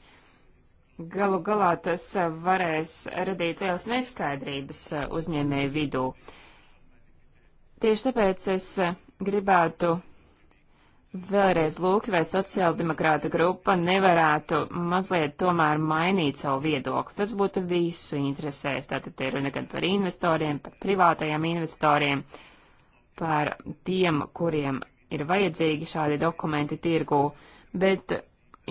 Galu galā tas varēs radīt liels neskaidrības uh, uzņēmēju vidū. Tieši tāpēc es uh, gribētu vēlreiz lūgt, vai sociāldemokrāta grupa nevarētu mazliet tomēr mainīt savu viedokli. Tas būtu visu interesēs. Tātad ir runa gan par investoriem, par privātajiem investoriem, par tiem, kuriem ir vajadzīgi šādi dokumenti tirgū, bet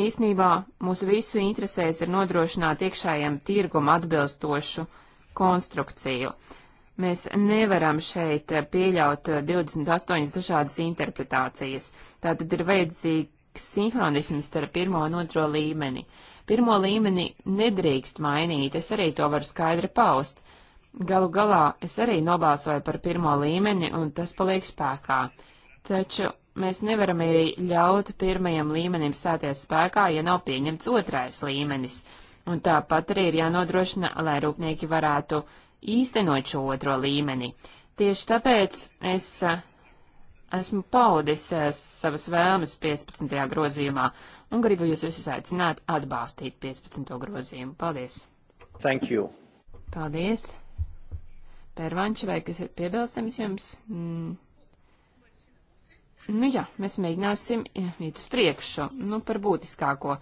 īsnībā mūsu visu interesēs ir nodrošināt iekšējiem tirgum atbilstošu konstrukciju. Uh, Mēs nevaram šeit pieļaut 28 dažādas interpretācijas. Tātad ir vajadzīgs sinhronisms starp pirmo un otro līmeni. Pirmo līmeni nedrīkst mainīt, es arī to varu skaidri paust. Galu galā es arī nobalsoju par pirmo līmeni, un tas paliek spēkā. Taču mēs nevaram arī ļaut pirmajam līmenim stāties spēkā, ja nav pieņemts otrais līmenis. Un tāpat arī ir jānodrošina, lai rūpnieki varētu uh, īstenot šo otro līmeni. Tieši tāpēc es esmu paudis savas vēlmes 15. grozījumā un gribu jūs visus aicināt atbalstīt 15. grozījumu. Paldies! Thank you! Paldies! Pērvanči, vai kas ir piebilstams jums? Mm. Nu jā, mēs mēģināsim iet uz priekšu, nu par būtiskāko.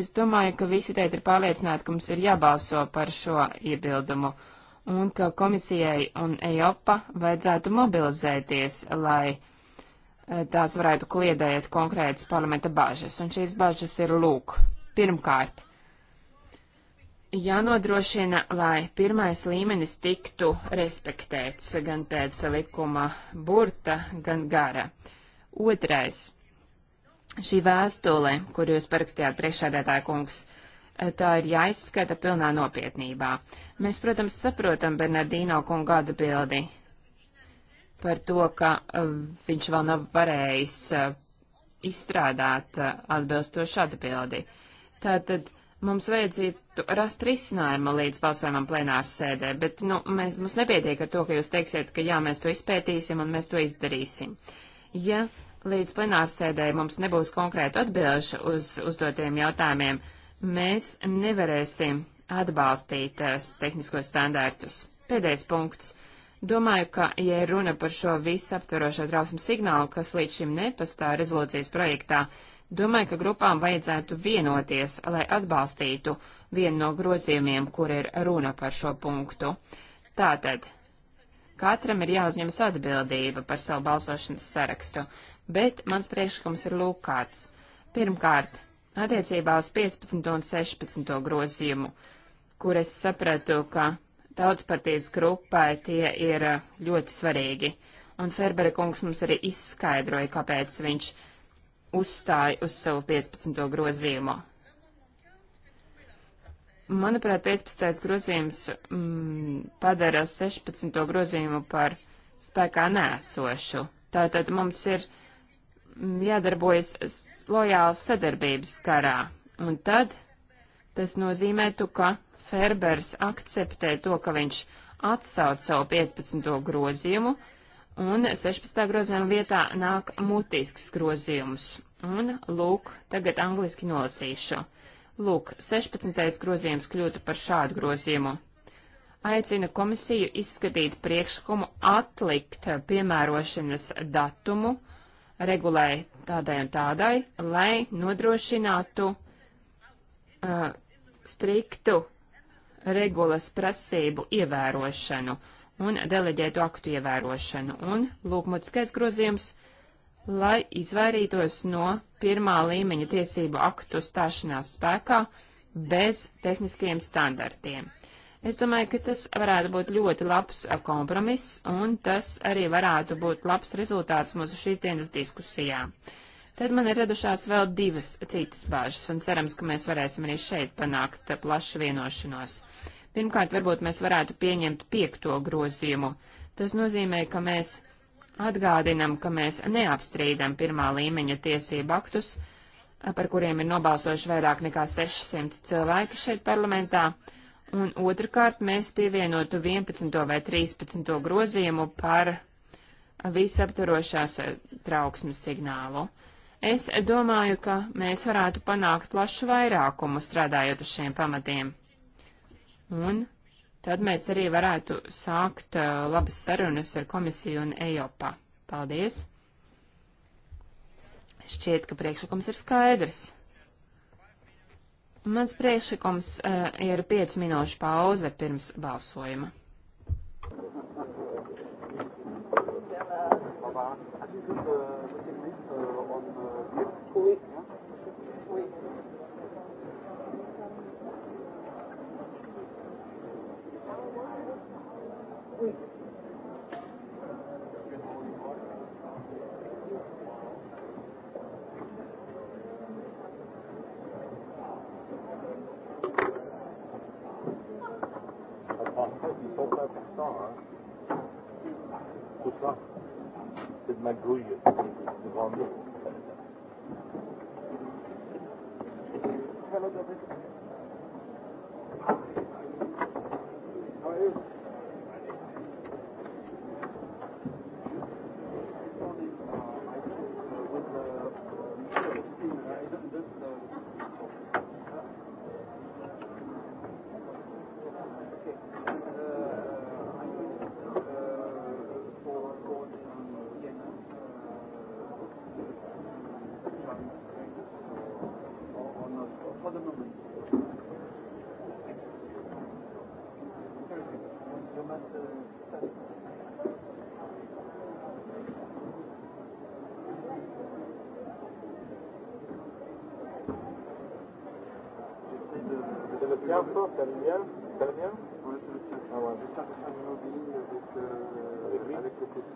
Es domāju, ka visi teikt ir pārliecināti, ka mums ir jābalso par šo iebildumu. Uh, un ka komisijai un EIOPA vajadzētu mobilizēties, lai e, tās varētu kliedēt konkrētas parlamenta bažas. Un šīs bažas ir lūk. Pirmkārt, jānodrošina, lai pirmais līmenis tiktu respektēts gan pēc likuma burta, gan gara. Otrais, šī vēstule, kur jūs parakstījāt priekšādētāja kungs, uh, tā ir jāizskata pilnā nopietnībā. Mēs, protams, saprotam Bernardino kunga atbildi par to, ka uh, viņš vēl nav varējis uh, izstrādāt uh, atbilstošu atbildi. Tātad mums vajadzītu rast risinājumu līdz balsojumam plenāras sēdē, bet nu, mēs, mums nepietiek ar to, ka jūs teiksiet, ka jā, mēs to izpētīsim un mēs to izdarīsim. Ja līdz plenāras sēdē mums nebūs konkrētu atbilžu uz uzdotiem jautājumiem, uh, mēs nevarēsim atbalstīt tās eh, tehniskos standārtus. Pēdējais punkts. Domāju, ka, ja runa par šo visaptverošo trauksmu signālu, kas līdz šim nepastāv rezolūcijas projektā, domāju, ka grupām vajadzētu vienoties, lai atbalstītu vienu no grozījumiem, kur ir runa par šo punktu. Tātad, katram ir jāuzņemas atbildība par savu balsošanas sarakstu, bet mans priekšlikums ir lūkāts. Pirmkārt, attiecībā uz 15 un 16 grozījumu, kur es sapratu, ka tautspartijas grupai tie ir eh, ļoti svarīgi. Un Ferbera kungs mums arī izskaidroja, kāpēc viņš uzstāja uz savu 15. grozījumu. Manuprāt, 15. grozījums mm, padara 16. grozījumu par spēkā nēsošu. Tātad mums ir uh, jādarbojas lojāls sadarbības karā, un tad tas nozīmētu, ka Ferbers akceptē to, ka viņš atsauc savu 15. grozījumu, un 16. grozījuma vietā nāk mutisks grozījums. Un, lūk, tagad angliski nolasīšu. Lūk, 16. grozījums kļūtu par šādu grozījumu. Aicina komisiju izskatīt priekšlikumu atlikt piemērošanas datumu regulē tādai un tādai, lai nodrošinātu uh, striktu regulas prasību ievērošanu un deleģētu aktu ievērošanu. Un lūkmutiskais grozījums, lai izvairītos no pirmā līmeņa tiesību aktu stāšanās spēkā bez tehniskiem standartiem. Es domāju, ka tas varētu būt ļoti labs uh, kompromiss, un tas arī varētu būt labs rezultāts mūsu šīs dienas diskusijā. Tad man ir radušās vēl divas citas bāžas, un cerams, ka mēs varēsim arī šeit panākt uh, plašu vienošanos. Pirmkārt, varbūt mēs varētu pieņemt piekto grozījumu. Tas nozīmē, ka mēs atgādinam, ka mēs neapstrīdam pirmā līmeņa tiesību aktus, uh, par kuriem ir nobalsojuši vairāk nekā 600 cilvēki šeit parlamentā Un otrkārt, mēs pievienotu 11. vai 13. grozījumu par visaptarošās eh, trauksmes signālu. Es domāju, ka mēs varētu panākt plašu vairākumu strādājot uz šiem pamatiem. Un tad mēs arī varētu sākt uh, labas sarunas ar komisiju un EIOPA. Paldies! Šķiet, ka priekšlikums ir skaidrs. Mans priekšlikums uh, ir 5 minūšu pauze pirms balsojuma.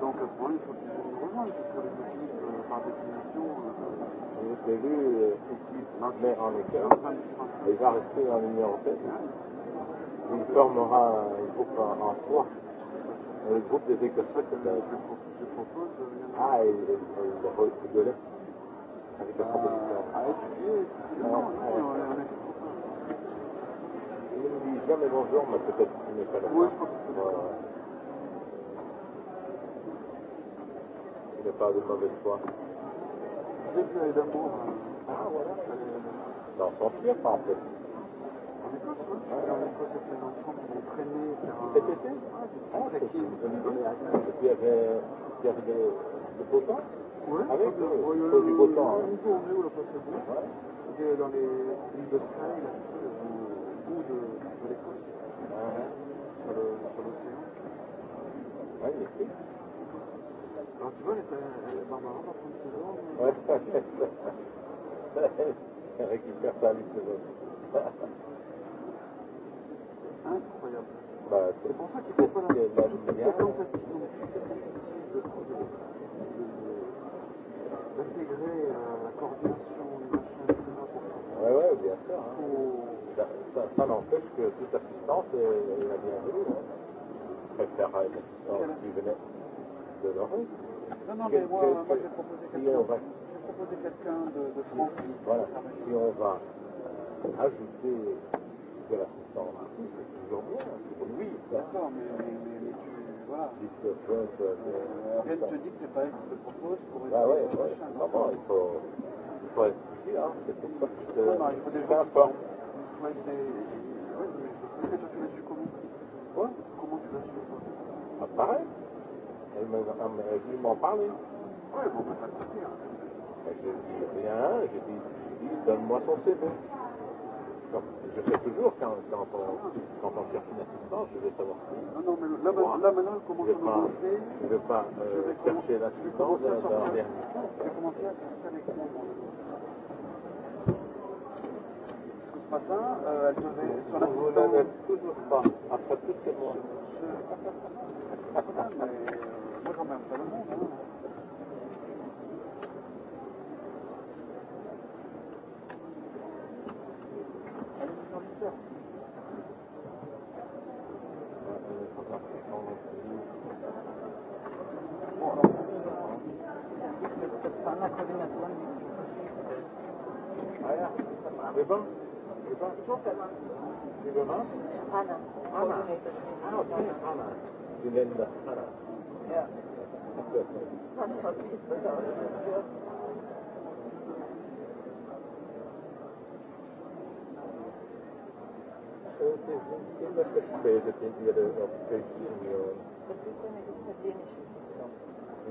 Donc à ce moment-là, il faut qu'ils nous rejoignent, puisque les équipes, euh, par définition, euh, les élus euh, équipes mais en Écosse, il va rester dans l'Union européenne. Il formera un groupe en, en soi, le groupe des Écossais. Que je propose. Euh, ah, et, et, et le rigolait avec la ah, proposition. À ah, étudier, ah, non, non, on est il ne dit jamais bonjour, mais peut-être qu'il n'est pas là. Oui, je crois que c'est il n'est pas de mauvaise foi. Avec euh, d'amour. Ah, voilà. D'en sortir, pas en fait. En Écosse, oui. Ah, en Écosse, il y a un enfant qui m'a traîné. Cet été Ah, c'est qui Et puis il y avait, il y avait des, des beaux temps Oui. Avec le, le, le, du beau temps. Une tournée où le passé bon. Ouais. C'était dans les îles de Skye, là, au bout de, de l'Écosse. Ouais. Sur l'océan. Ouais, il est Non, tu vois, les Barbara va prendre ce genre. Ouais, elle récupère sa liste d'autres. Incroyable. Bah, c'est pour ça qu'il faut pas la d'intégrer euh, la coordination du machin, etc. Pour... Ouais, ouais, bien sûr. Hein. Pour... Ça, ça, ça n'empêche que toute assistance est, est la bienvenue. Hein. Je préfère une euh, assistance qui venait dedans. Oui. Non, non, mais moi, moi j'ai proposé quelqu'un va... quelqu de, de France. Si, voilà, si on va euh, ajouter de l'assistance artistique, c'est toujours bien. Oui, d'accord, mais, mais, mais, mais tu voilà. Dites, euh, euh, rien ne te dit que c'est pas elle qui te propose pour être. Ah ouais, ouais. Machin, non, non, il faut, il faut être ici, hein. C'est pour ça que je te. Non, ah non, il faut déjà. Peu importe. Ouais, c'est. Ouais, mais je sais que toi tu l'as su comment Ouais. Comment tu l'as su toi Ah, pareil. Il m'en parle, lui Oui, vous pouvez pas sortir. Je dis rien, je dis, je dis donne-moi son CV. Comme je fais toujours quand, quand, on, quand on cherche une assistance, je vais savoir qui. Non, non, mais là, moi, là maintenant, comment je ne vais, vais pas euh, vais chercher l'assistance d'un euh, dernier. Je vais commencer à chercher avec moi. Ce matin, euh, elle devait. Son vous n'avez toujours pas, après tout ce mois. Je... mais... Euh, Ana. Ana. Ana. Okay. Ana. Die nennen das Ana. Yeah. I'm not pleased with that. Und sie sind immer verspätet in ihrer Europäischen Union. Das ist eine italienische Saison.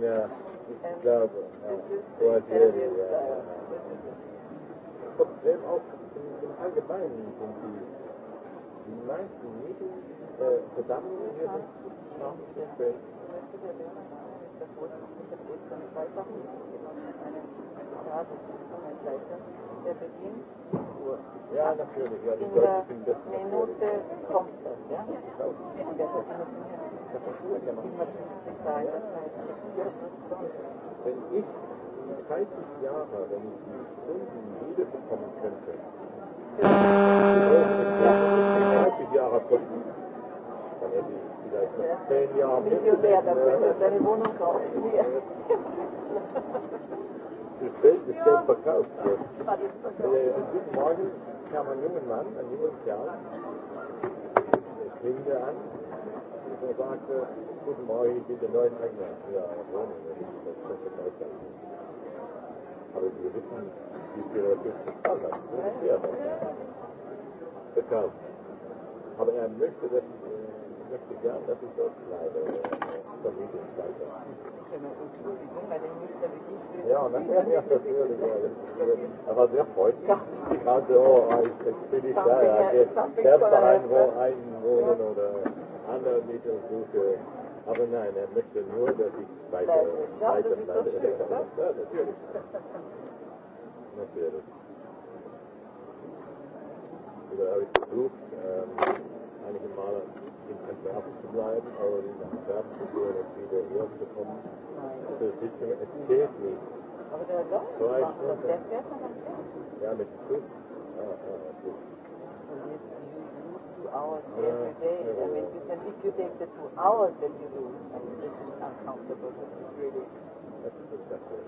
Ja, ich glaube. Ja. Algerien, ja, ja. Trotzdem auch im, im Allgemeinen sind die, die meisten Medien äh, versammeln ihre Chancen wichtiger wäre, das wurde noch nicht erzählt, kann ich weiß auch nicht, einen Zitat Seite, der beginnt 10 Uhr. Ja, natürlich, ja, die Deutschen sind das. Minute kommt das, ja? Und der wenn ich 30 Jahre, wenn ich die Stunden wiederbekommen könnte, 30 Jahre kosten, dann hätte ich Zehn Jahre. Deine Wohnung kaufen wir. Das Feld ist ja. verkauft. Ja. Ja, guten Morgen kam ein junger Mann, ein junges Kerl, der klingelte an und sagte, guten Morgen, ich bin der neue Eigner. Ja, Wohnung, das ist verkauft. Aber Sie wissen, wie viel das jetzt bezahlt hat. Das ist ja verkauft. Aber er möchte, dass ich gesagt, ja, das ist auch leider Vermögensweiter. Ja, natürlich, ja, natürlich. Ja, das aber sehr freundlich. Gerade so, jetzt bin ich da, ja, selbst daheim einwohnen oder andere Mittel suche. Aber nein, er möchte nur, dass ich weiter, weiter bleibe. Ja, natürlich. Natürlich. Oder habe ich versucht, ähm, einige Male im Entwerfen zu bleiben, aber den Entwerfen zu gehen und wieder herzukommen, zur Sitzung, es geht nicht. Aber der Dorf Zwei Stunden. Der fährt noch am Pferd. Ja, mit Zug. Ah, ah, okay. Two hours yeah, every day. Yeah, yeah. I mean, you can, if you take the two hours that you do, I mean, this is uncomfortable. This is really. That's exactly.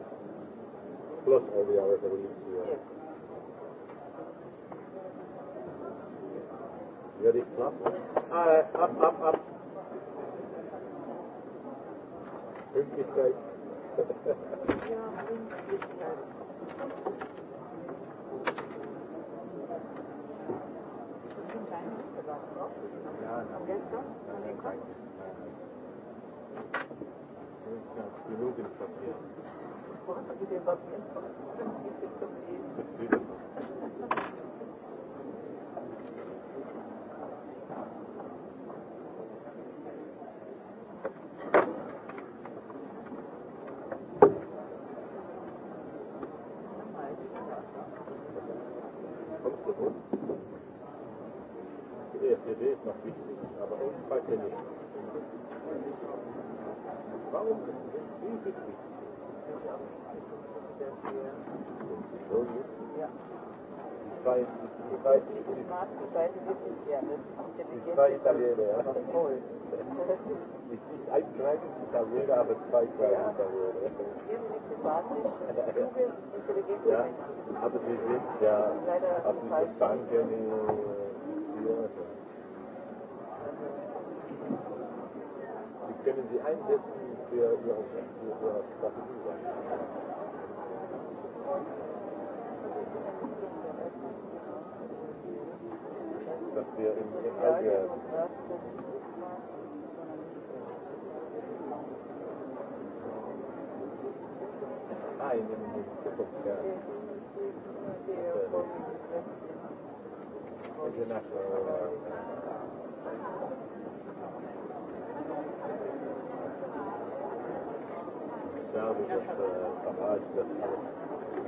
Plus all the hours that we use here. Yes. Ja, die knapp. Ah, ab, ab, ab. Pünktlichkeit. ja, Pünktlichkeit. Ja, ja. Gestern? Genug im Papier. Was? Wie viel Papier? 50 Papier. 30 Tabuere, aber zwei kleine Tabuere. ja, aber die sind ja auf diese Stange hier. Die können sie einsetzen für ihre, für ihre Strategie. Dass wir im Allgemeinen Ah, you never did. It's a national. Now we just Farage that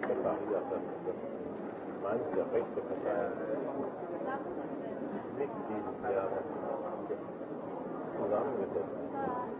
Qatari that man the best of Qatar. Big deal, yeah. Zusammengesetzt.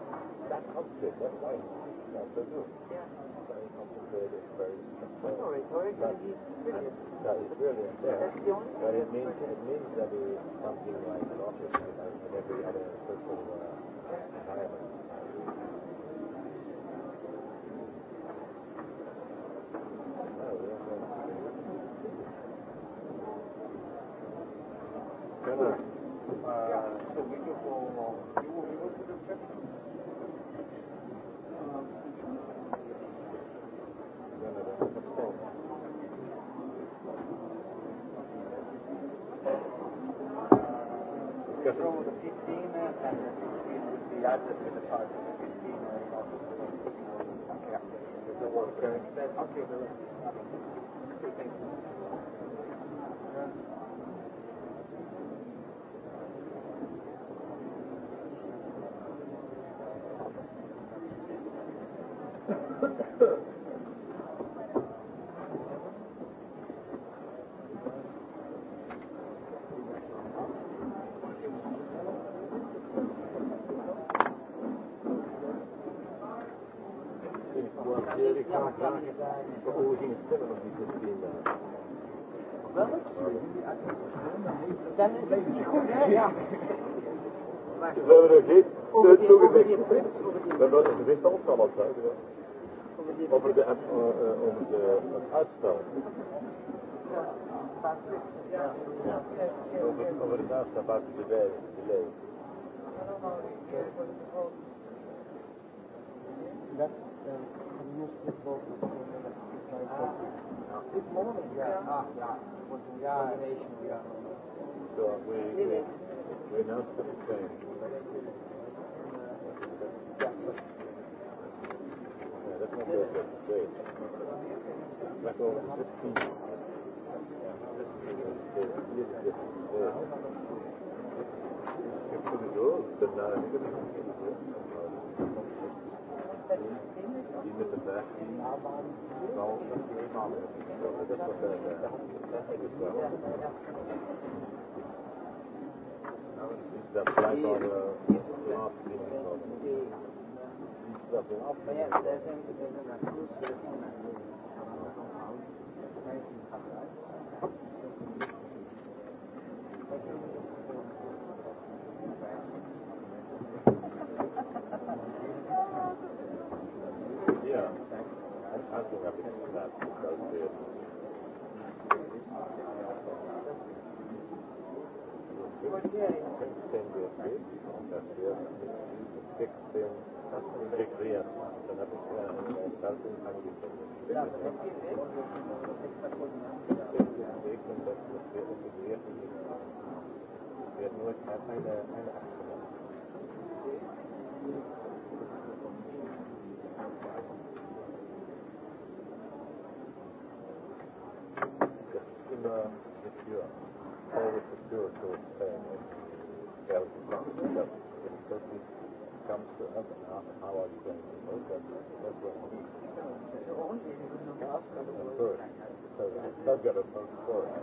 that complicated. That's why it's not so good. Yeah. Very complicated, very I'm sorry, sorry, but, he's brilliant. That is brilliant, yeah. That's the only but it means, brilliant. it means that it's something like an office in every other social uh, environment. said, okay, the rest. dan is het niet goed, hè? Ja. Ze hebben er geen steun toegezegd. Dan wordt het gezicht al kan afsluiten, ja. Over, de, uh, uh, over de, het uitstel. Ja. Ja. Ja. Over, over het uitstel buiten de bij. Dat is This morning, yeah. Ah, yeah. It was in yeah. combination, yeah. So uh, we, we, we announced that it came. Yeah, that's not good. That's great. Back over 15. 15 die met de berg die zal samen. Dat is wat daar is the flag or the not Yeah, I think I think that does it. Good. Weg und das wird fix sehen, integriert. Dann habe ich äh, das in angefangen. Den Weg und das wird integriert in den Es wird nur eine, eine Aktion. Das ist immer secure. Always secure to stay shall become itself. If Turkey comes to us and asks how are you going to work, that's, that's what we need. First, so I've got to vote for it.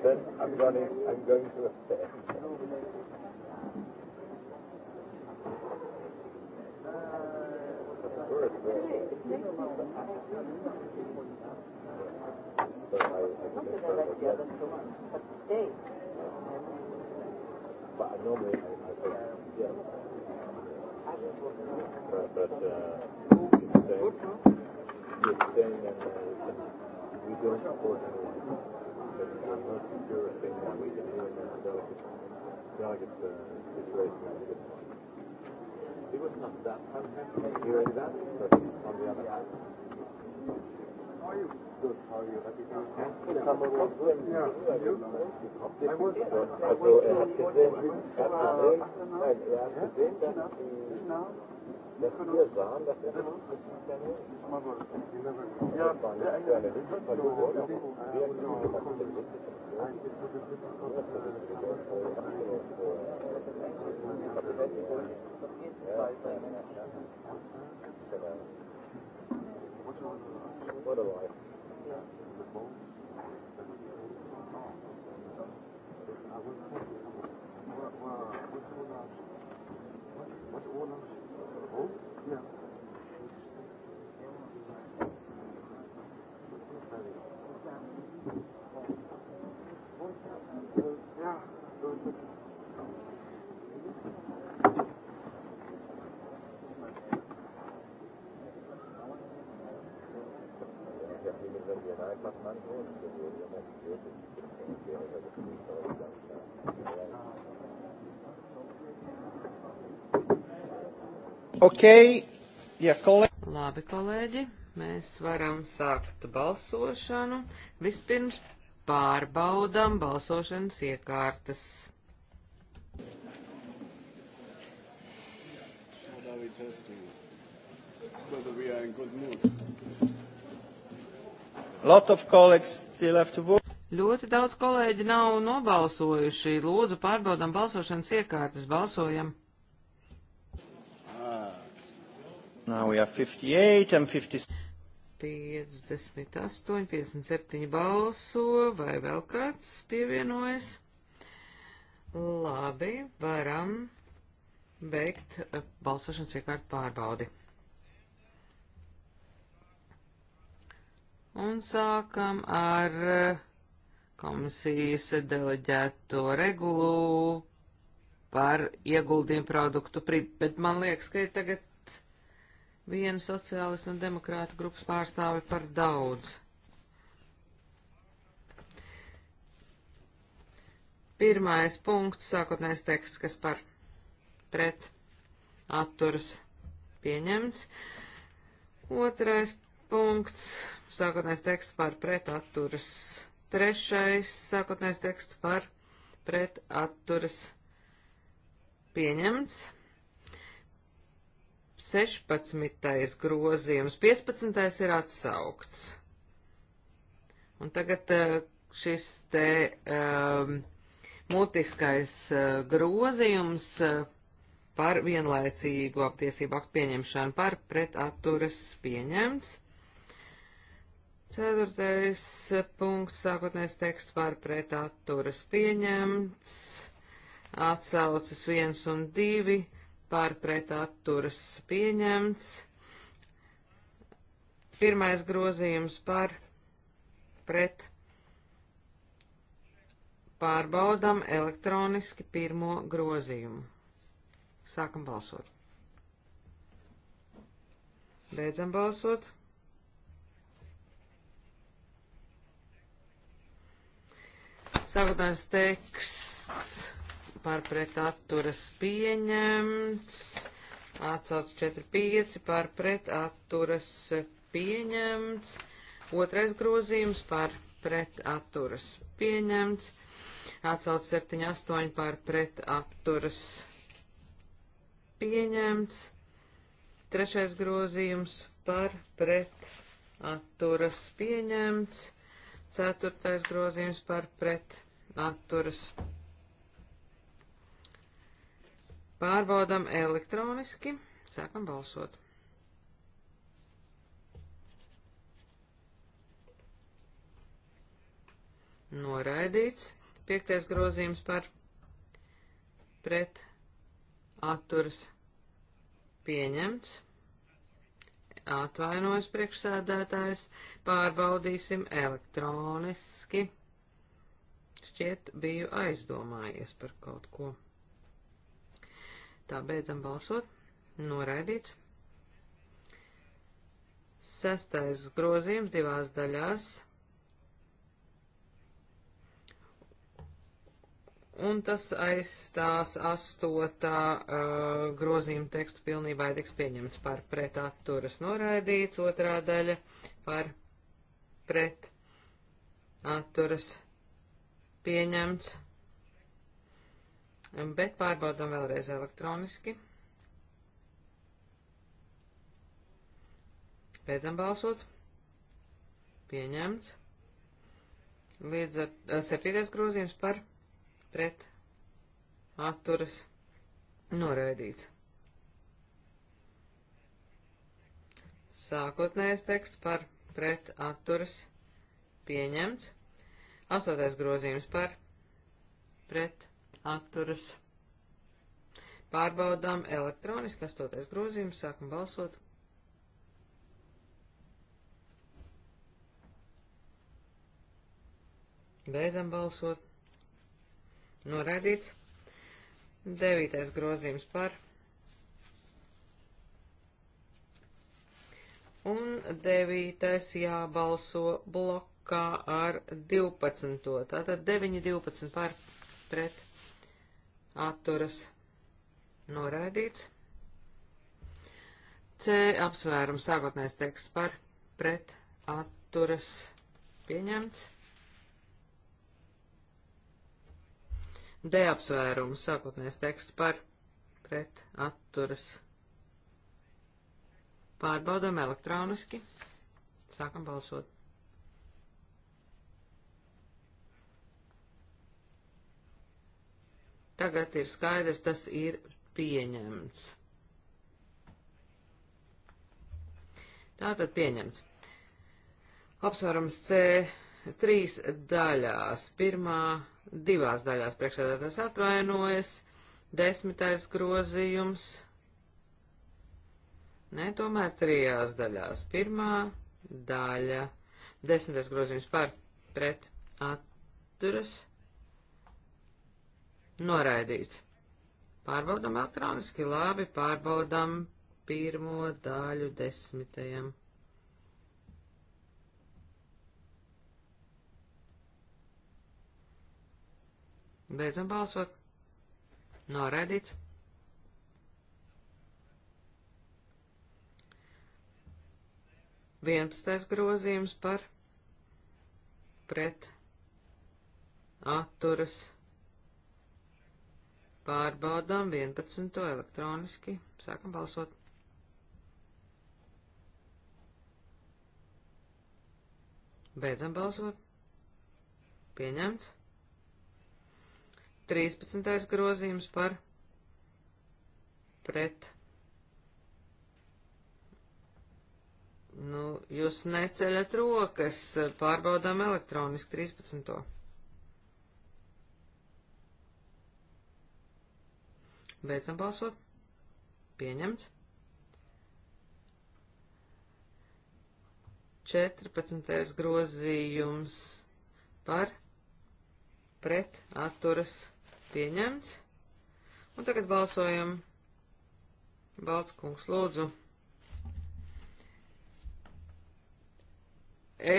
Then I'm going, to, I'm going to a fair. First, uh, so I, I But I normally, I, I think, yeah. But, but uh, you're saying, you're saying that uh, we don't support anyone. That's the most secure thing that we can do in a delicate, delicate uh, situation like this one. He was not that unhappy hearing that, but on the other hand. How are you? Good. How are you? Happy to yeah. The summer was good. Yeah. You? I was. I was. I was. Dass wir sahen, dass er ja, ja, ja. What a life. What, what, what, what, what, what orders Okay. Yeah, kolēģi. Labi, kolēģi, mēs varam sākt balsošanu. Vispirms pārbaudam balsošanas iekārtas. Lot of colleagues still have to vote. Ļoti daudz kolēģi nav nobalsojuši. Lūdzu, pārbaudam balsošanas iekārtas, balsojam. Now we have 58 and 56. 58, 57 balso, vai vēl kāds pievienojas? Labi, varam beigt eh, balsošanas iekārtu pārbaudi. Un sākam ar eh, komisijas deleģēto regulu par ieguldījumu produktu, bet man liekas, ka ir tagad vienu sociālistu un demokrātu grupas pārstāvi par daudz. Pirmais punkts, sākotnējais teksts, kas par pret atturas pieņemts. Otrais punkts, sākotnējais teksts par pret atturas. Trešais, sākotnējais teksts par pret atturas pieņemts. 16. grozījums, 15. ir atsaukts. Un tagad e, šis te um, mutiskais e, grozījums par vienlaicīgu aptiesību aktu pieņemšanu par pretatturas pieņemts. Ceturtais punkts, sākotnēs teksts par pretatturas pieņemts, atsaucas viens un divi pārpret atturas pieņemts. Pirmais grozījums par pret pārbaudam elektroniski pirmo grozījumu. Sākam balsot. Beidzam balsot. Sākotnējs teksts par pretatturas pieņemts, atsauc 4-5 par pretatturas pieņemts, otrais grozījums par pretatturas pieņemts, atsauc 7-8 par pretatturas pieņemts, trešais grozījums par pretatturas pieņemts, ceturtais grozījums par pretatturas pieņemts Pārbaudam elektroniski. Sākam balsot. Noraidīts. Piektais grozījums par pret atturas pieņemts. Atvainojas priekšsēdētājs. Pārbaudīsim elektroniski. Šķiet, biju aizdomājies par kaut ko. Tā beidzam balsot. Noraidīts. Sestais grozījums divās daļās. Un tas aizstās astotā uh, grozījuma tekstu pilnībā ja tiks pieņemts par pret atturas noraidīts, otrā daļa par pret atturas pieņemts bet pārbaudam vēlreiz elektroniski. Beidzam balsot. Pieņemts. Līdz ar septītais grozījums par pret atturas noraidīts. Sākotnējais teksts par pret atturas pieņemts. Astotais grozījums par pret atturas. Pārbaudām elektroniski, astotais grozījums, sākam balsot. Beidzam balsot. Noraidīts. Devītais grozījums par. Un devītais jābalso blokā ar 12. Tātad 9, 12 par pret atturas noraidīts. C apsvērums sākotnēs teksts par pret atturas pieņemts. D apsvērums sākotnēs teksts par pret atturas pārbaudam elektroniski. Sākam balsot. Tagad ir skaidrs, tas ir pieņemts. Tātad pieņemts. Apsvarums C trīs daļās. Pirmā divās daļās priekšsēdētājs atvainojas. Desmitais grozījums. Nē, tomēr trijās daļās. Pirmā daļa. Desmitais grozījums par pret atturas Noraidīts. Pārbaudam elektroniski, labi, pārbaudam pirmo daļu desmitajam. Beidzam balsot. Noraidīts. Vienpadsmitais grozījums par pret atturas. Pārbaudām 11. elektroniski. Sākam balsot. Beidzam balsot. Pieņemts. 13. grozījums par pret. Nu, jūs neceļat rokas, pārbaudām elektroniski 13. Beidzam balsot. Pieņemts. 14. grozījums par pret atturas pieņemts. Un tagad balsojam. Balts kungs, lūdzu.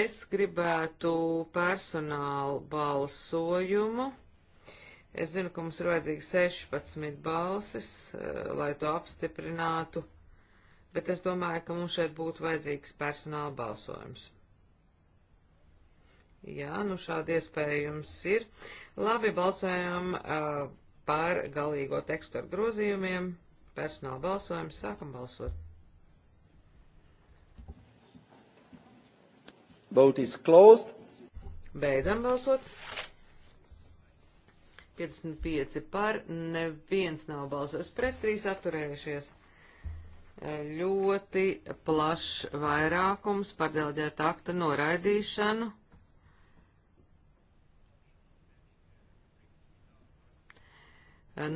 Es gribētu personālu balsojumu Es zinu, ka mums ir vajadzīgi 16 balsis, eh, lai to apstiprinātu, bet es domāju, ka mums šeit būtu vajadzīgs personāla balsojums. Jā, nu šāda iespēja jums ir. Labi, balsojam uh, par galīgo tekstu ar grozījumiem. Personāla balsojums, sākam balsot. Vote is closed. Beidzam balsot. 55 par, neviens nav balsojis pret, 3 atturējušies. Ļoti plašs vairākums par deleģēta akta noraidīšanu.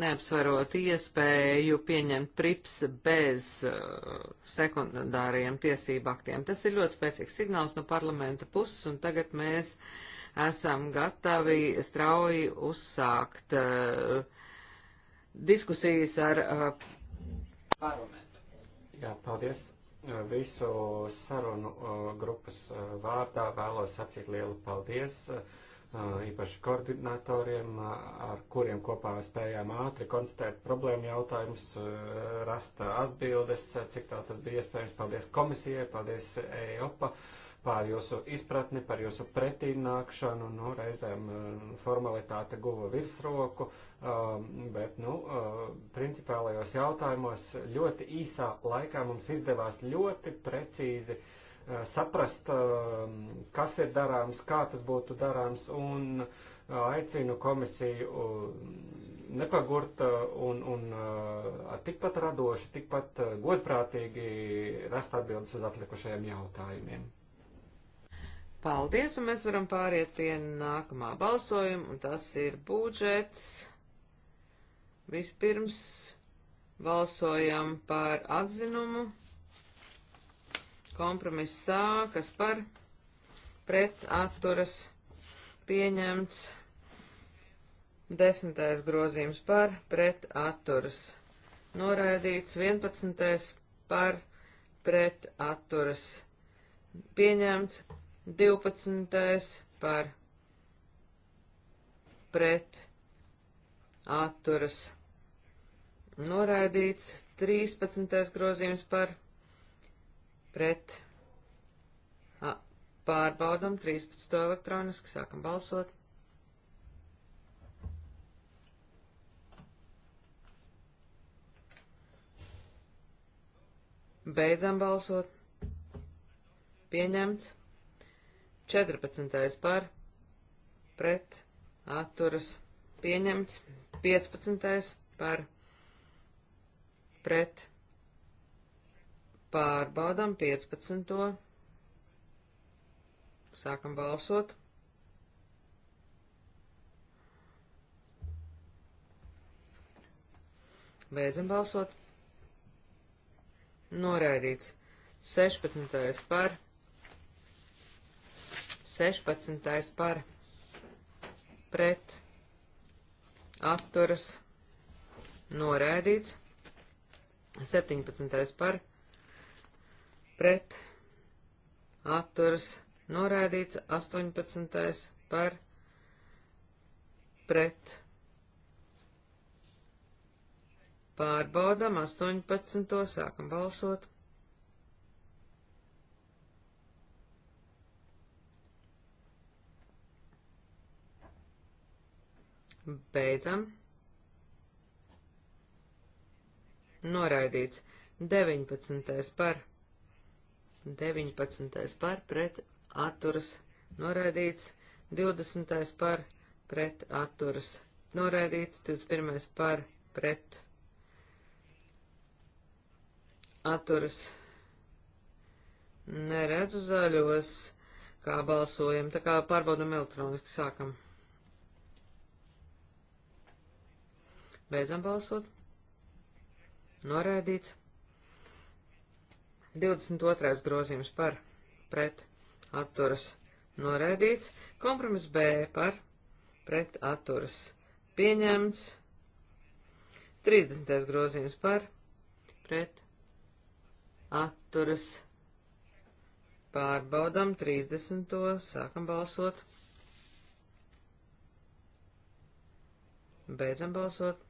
Neapsvarot iespēju pieņemt prips bez uh, sekundāriem tiesību aktiem. Tas ir ļoti spēcīgs signāls no parlamenta puses, un tagad mēs uh, esam gatavi strauji uzsākt uh, diskusijas ar uh, parlamentu. Jā, paldies. Visu sarunu uh, grupas vārdā vēlos sacīt lielu paldies īpaši koordinatoriem, ar kuriem kopā spējām ātri konstatēt problēmu jautājumus, rast atbildes, cik tā tas bija iespējams. Paldies komisijai, paldies EIOPA pār jūsu izpratni, par jūsu pretīmnākšanu, nu, reizēm eh, formalitāte guva virsroku, eh, bet, nu, eh, principālajos jautājumos ļoti īsā laikā mums izdevās ļoti precīzi saprast, kas ir darāms, kā tas būtu darāms, un aicinu komisiju nepagurt un, un tikpat radoši, tikpat godprātīgi rast atbildes uz atlikušajiem jautājumiem. Paldies, un mēs varam pāriet pie nākamā balsojuma, un tas ir budžets. Vispirms balsojam par atzinumu. Kompromissā, kas par pret atturas pieņemts. Desmitais grozījums par pret atturas noraidīts. Vienpadsmitais par pret atturas pieņemts. 12. par pret atturas noraidīts, 13. grozījums par pret a, pārbaudam, 13. elektroniski sākam balsot. Beidzam balsot. Pieņemts. 14. par pret atturas pieņemts, 15. par pret pārbaudam 15. Sākam balsot. Beidzam balsot. Noraidīts. 16. par 16. par pret atturas noraidīts, 17. par pret atturas noraidīts, 18. par pret pārbaudam, 18. sākam balsot. Beidzam. Noraidīts. 19. par. 19. par pret atturas. Noraidīts. 20. par pret atturas. Noraidīts. 21. par pret atturas. Neredzu zaļos, kā balsojam, tā kā pārbaudam elektroniski sākam. Beidzam balsot. Noraidīts. 22. grozījums par pret atturas noraidīts. Kompromiss B par pret atturas pieņemts. 30. grozījums par pret atturas pārbaudam 30. sākam balsot. Beidzam balsot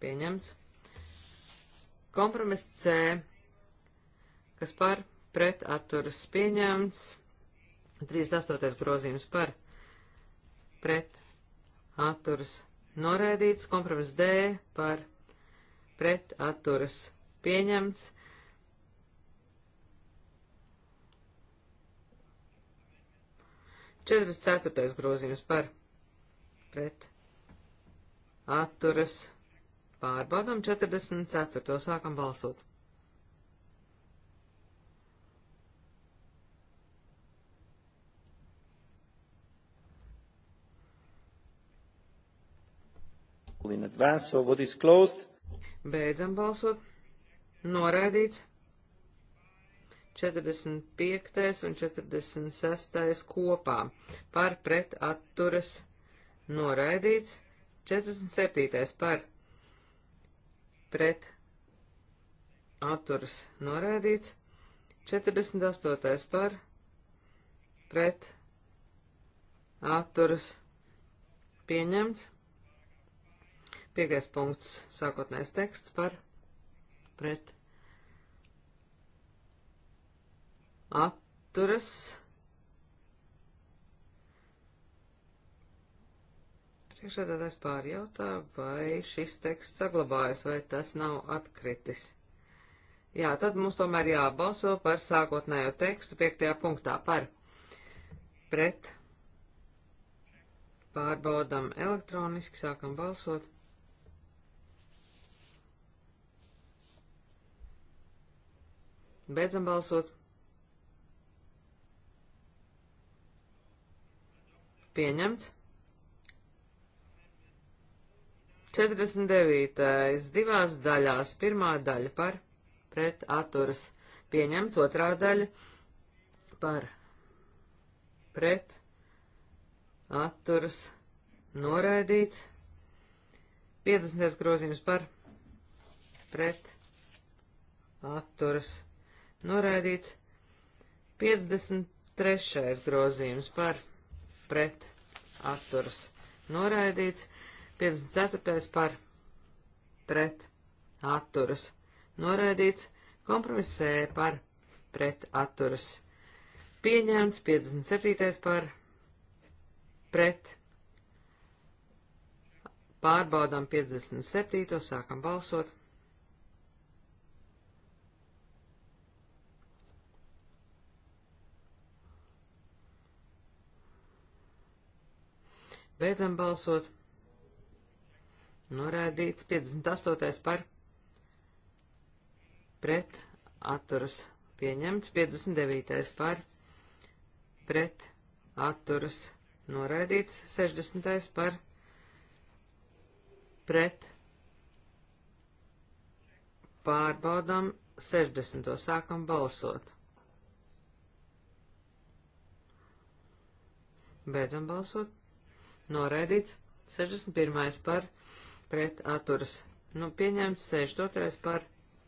pieņemts. Kompromiss C, kas par pret atturas pieņemts. 38. grozījums par pret atturas norēdīts. Kompromiss D par pret atturas pieņemts. Četrdesmit ceturtais grozījums par pret atturas pieņemts Pārbaudam 44. Sākam balsot. in advance, so what is closed? Beidzam balsot. Noraidīts. 45. un 46. kopā par pret atturas noraidīts. 47. par pret atturas norēdīts, 48. par pret atturas pieņemts, 5. punkts sākotnēs teksts par pret atturas norēdīts Priekšsēdētājs pārjautā, vai šis teksts saglabājas, vai tas nav atkritis. Jā, tad mums tomēr jābalso par sākotnējo tekstu piektajā punktā par pret. Pārbaudam elektroniski, sākam balsot. Beidzam balsot. Pieņemts. 49. divās daļās. Pirmā daļa par pret atturas pieņemts, otrā daļa par pret atturas noraidīts. 50. grozījums par pret atturas noraidīts. 53. grozījums par pret atturas noraidīts. 54. par pret atturas noraidīts, kompromisē par pret atturas pieņēmts, 57. par pret pārbaudām 57. sākam balsot. Beidzam balsot. Norādīts 58. par pret atturas pieņemts, 59. par pret atturas noraidīts, 60. par pret pārbaudam, 60. sākam balsot. Beidzam balsot. Noraidīts 61. par pret pret atturas. Nu, pieņemts 62. par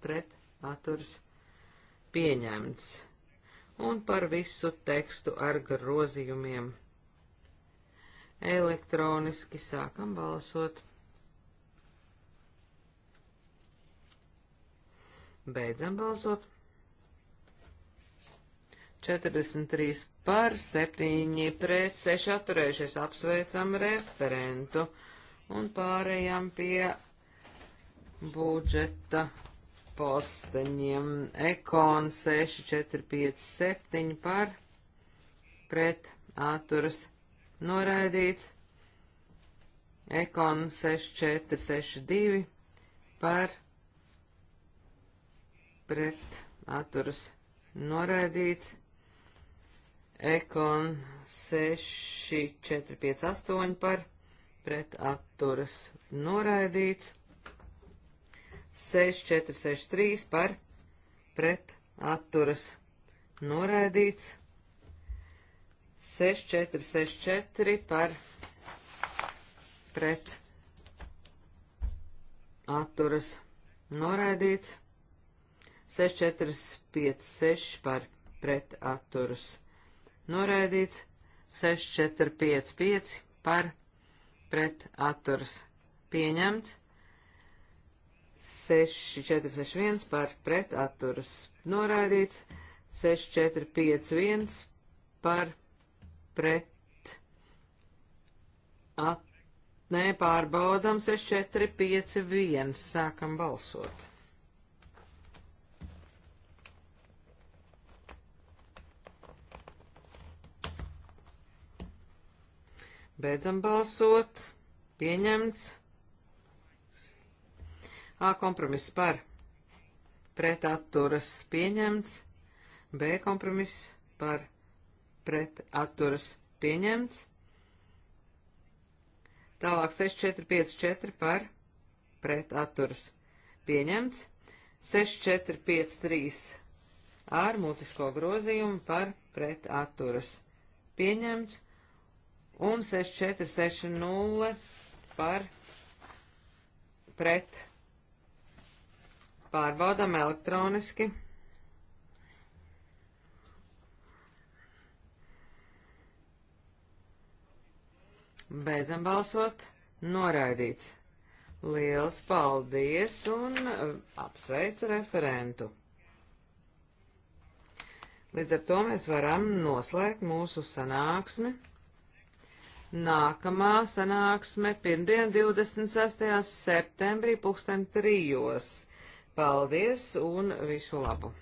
pret atturas. Pieņemts. Un par visu tekstu ar grozījumiem. Elektroniski sākam balsot. Beidzam balsot. 43 par 7 pret 6 atturējušies apsveicam referentu un pārējām pie budžeta posteņiem. Ekon 6457 par pret atturas noraidīts. Ekon 6462 par pret atturas noraidīts. Ekon 6458 par pret pret atturas noraidīts. 6463 par pret atturas noraidīts. 6464 par pret atturas noraidīts. 6456 par pret atturas noraidīts. 6455 par pret atturas noraidīts pret atturs pieņemts, 6461 par pret atturs noraidīts, 6451 par pret at... Nē, pārbaudam 6451, sākam balsot. Beidzam balsot. Pieņemts. A kompromiss par. Pret atturas pieņemts. B kompromiss par. Pret atturas pieņemts. Tālāk 6454 par. Pret atturas pieņemts. 6453 ar mutisko grozījumu par. Pret atturas pieņemts un 6460 par pret. Pārbaudām elektroniski. Beidzam balsot. Noraidīts. Liels paldies un apsveicu referentu. Līdz ar to mēs varam noslēgt mūsu sanāksmi. Nākamā sanāksme pirmdien 26. septembrī pulksten trijos. Paldies un visu labu!